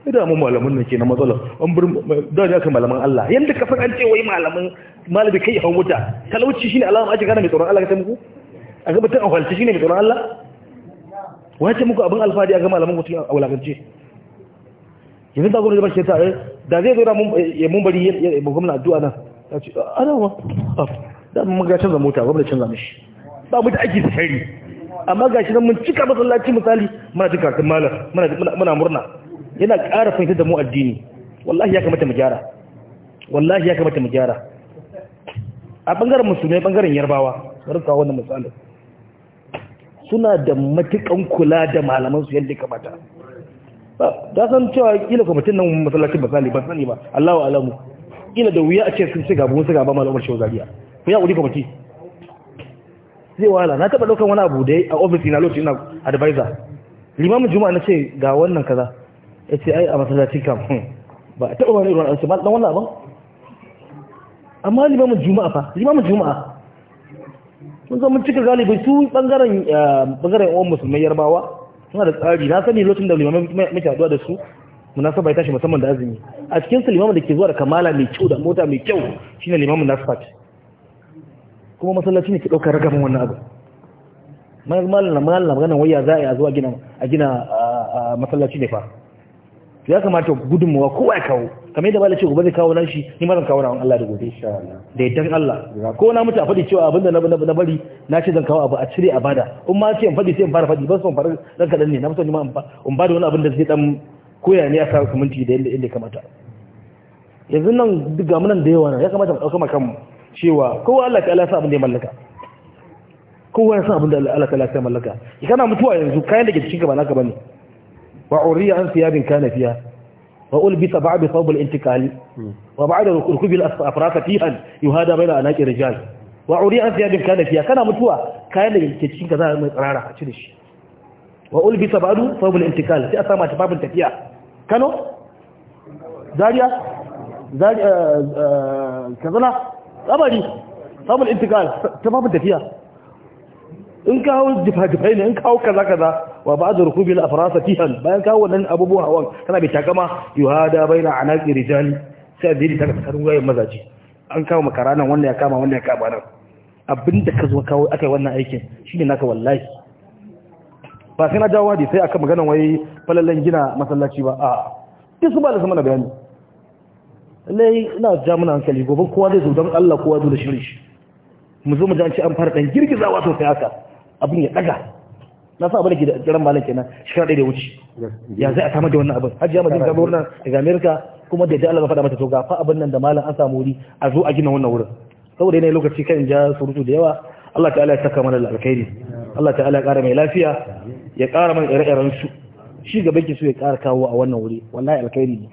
idan mu malaman ke na matsalar an bar da ya kai malaman Allah yanda ka san an ce wai malamin malami kai ya hawo mota talauci shine alama ake gane mai tsoron Allah ka taimako a ga mutum a halci shine mai tsoron Allah wace muku abin alfahari a gama alamun ku cikin wulakance yanzu ta gwamnati bashi shi ta eh, da zai zura eh, ya mun bari ya gwamna addu'a nan ta ce ah, ana wa ah, da mun ga canza mota gwamnati canza mishi ba mu da aiki da shari amma gashi nan mun cika masallaci misali muna cika kan malam mana muna murna yana ƙara fahimtar da mu addini wallahi ya kamata mu gyara wallahi ya kamata mu gyara a bangaren musulmai bangaren yarbawa bari kawo wannan misalin suna da matukan kula da malaman su yadda kamata da san cewa kila kwamitin nan masallacin basali ba sani ba Allahu alamu kila da wuya a ce sun ci gaba wasu gaba malamar shehu zaria ku ya wuri kwamiti zai wahala na taba daukan wani abu da a office na lokacin na advisor limamin juma'a na ce ga wannan kaza ya ce ai a masallacin kam hmm. ba a taba wani irin ce ba dan wannan abin amma limamin juma'a fa limamin juma'a mun zo mun cika galibi su bangaren bangaren eh, uwan musulmai yarbawa suna da tsari na sani lokacin da limamai muke haduwa da su munasaba ya tashi musamman da azumi a cikin su limamin da ke zuwa da kamala mai kyau da mota mai kyau shine limamin nasfat kuma masallaci ne ke ɗaukar ragamin wannan abu malam na malam na maganan waya za a yi a zuwa gina a gina masallaci ne fa to ya kamata gudunmuwa kowa ya kawo kamar yadda da ce gobe zai kawo nan shi ni ma zan kawo wani Allah da gobe da yadda Allah ko na mutu a faɗi cewa abinda na na bari na ce zan kawo abu a cire a bada in ma ce in faɗi sai in fara faɗi ba su fara zan kaɗan ne na mutu ni ma in bada wani abin da zai dan koya ne a sa kuminti da yadda yadda kamata yanzu nan duk ga munan da yawa nan ya kamata mu dauka kanmu cewa kowa Allah ta Allah sa abin da ya mallaka kowa ya sa abin da Allah ta Allah ya mallaka kana mutuwa yanzu kayan da ke cikin gaba naka bane وعري عن ثياب كان فيها وألبس بعد ثوب الانتقال وبعد ركوب الأفراس فيها يهادى بين أناك الرجال وعري عن ثياب كان فيها كان متوى كان يتشين كذا مرارة أتشلش وألبس بعد ثوب الانتقال في أسامة شباب التفيا كانوا زاريا زاريا كذا لا أبدي ثوب الانتقال شباب التفيا in ka hau jifa-jifai ne in ka kaza-kaza wa ba da biyu a farasa tihan bayan ka hau wannan abubuwa hawan kana bai takama yi hada bai na naƙi rijali sai a ziri ta kasarin wayan mazaji an kama makara nan wannan ya kama wannan ya kama nan abinda ka zo kawo aka yi wannan aikin shi ne naka wallahi ba sai na jawo hadi sai aka magana wai falallen gina masallaci ba a duk su ba da sama na bayani lai ina ja mana hankali gobe kowa zai zo don allah kowa zo da shirin shi mu zo mu ji an fara dan girgizawa sosai haka abin ya daga na sa abin da ke da kiran malam kenan shekara ɗaya da wuce ya zai a samar da wannan abin hajiya mazin ta wannan daga amerika kuma da Allah faɗa mata to ga fa abin nan da malam an samu wuri a zo a gina wannan wurin saboda yana lokaci kan ja surutu da yawa Allah ta'ala ya saka mana alkhairi Allah ta'ala ya ƙara mai lafiya ya ƙara mana ire-iren su shi gaba ke su ya ƙara kawo a wannan wuri wallahi alkhairi ne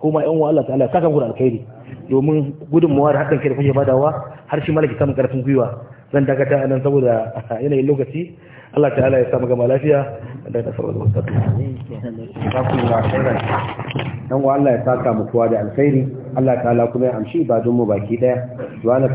kuma yan Allah ta'ala ya saka mu alkhairi domin gudunmuwa da haɗin kai da kuke badawa har shi malaki samun ƙarfin gwiwa zan dakata a nan saboda yanayin lokaci Allah ta'ala ya samu gama lafiya da ta saboda wasu dan wa Allah ya saka mu kowa da alkhairi Allah ta'ala kuma ya amshi ibadun mu baki daya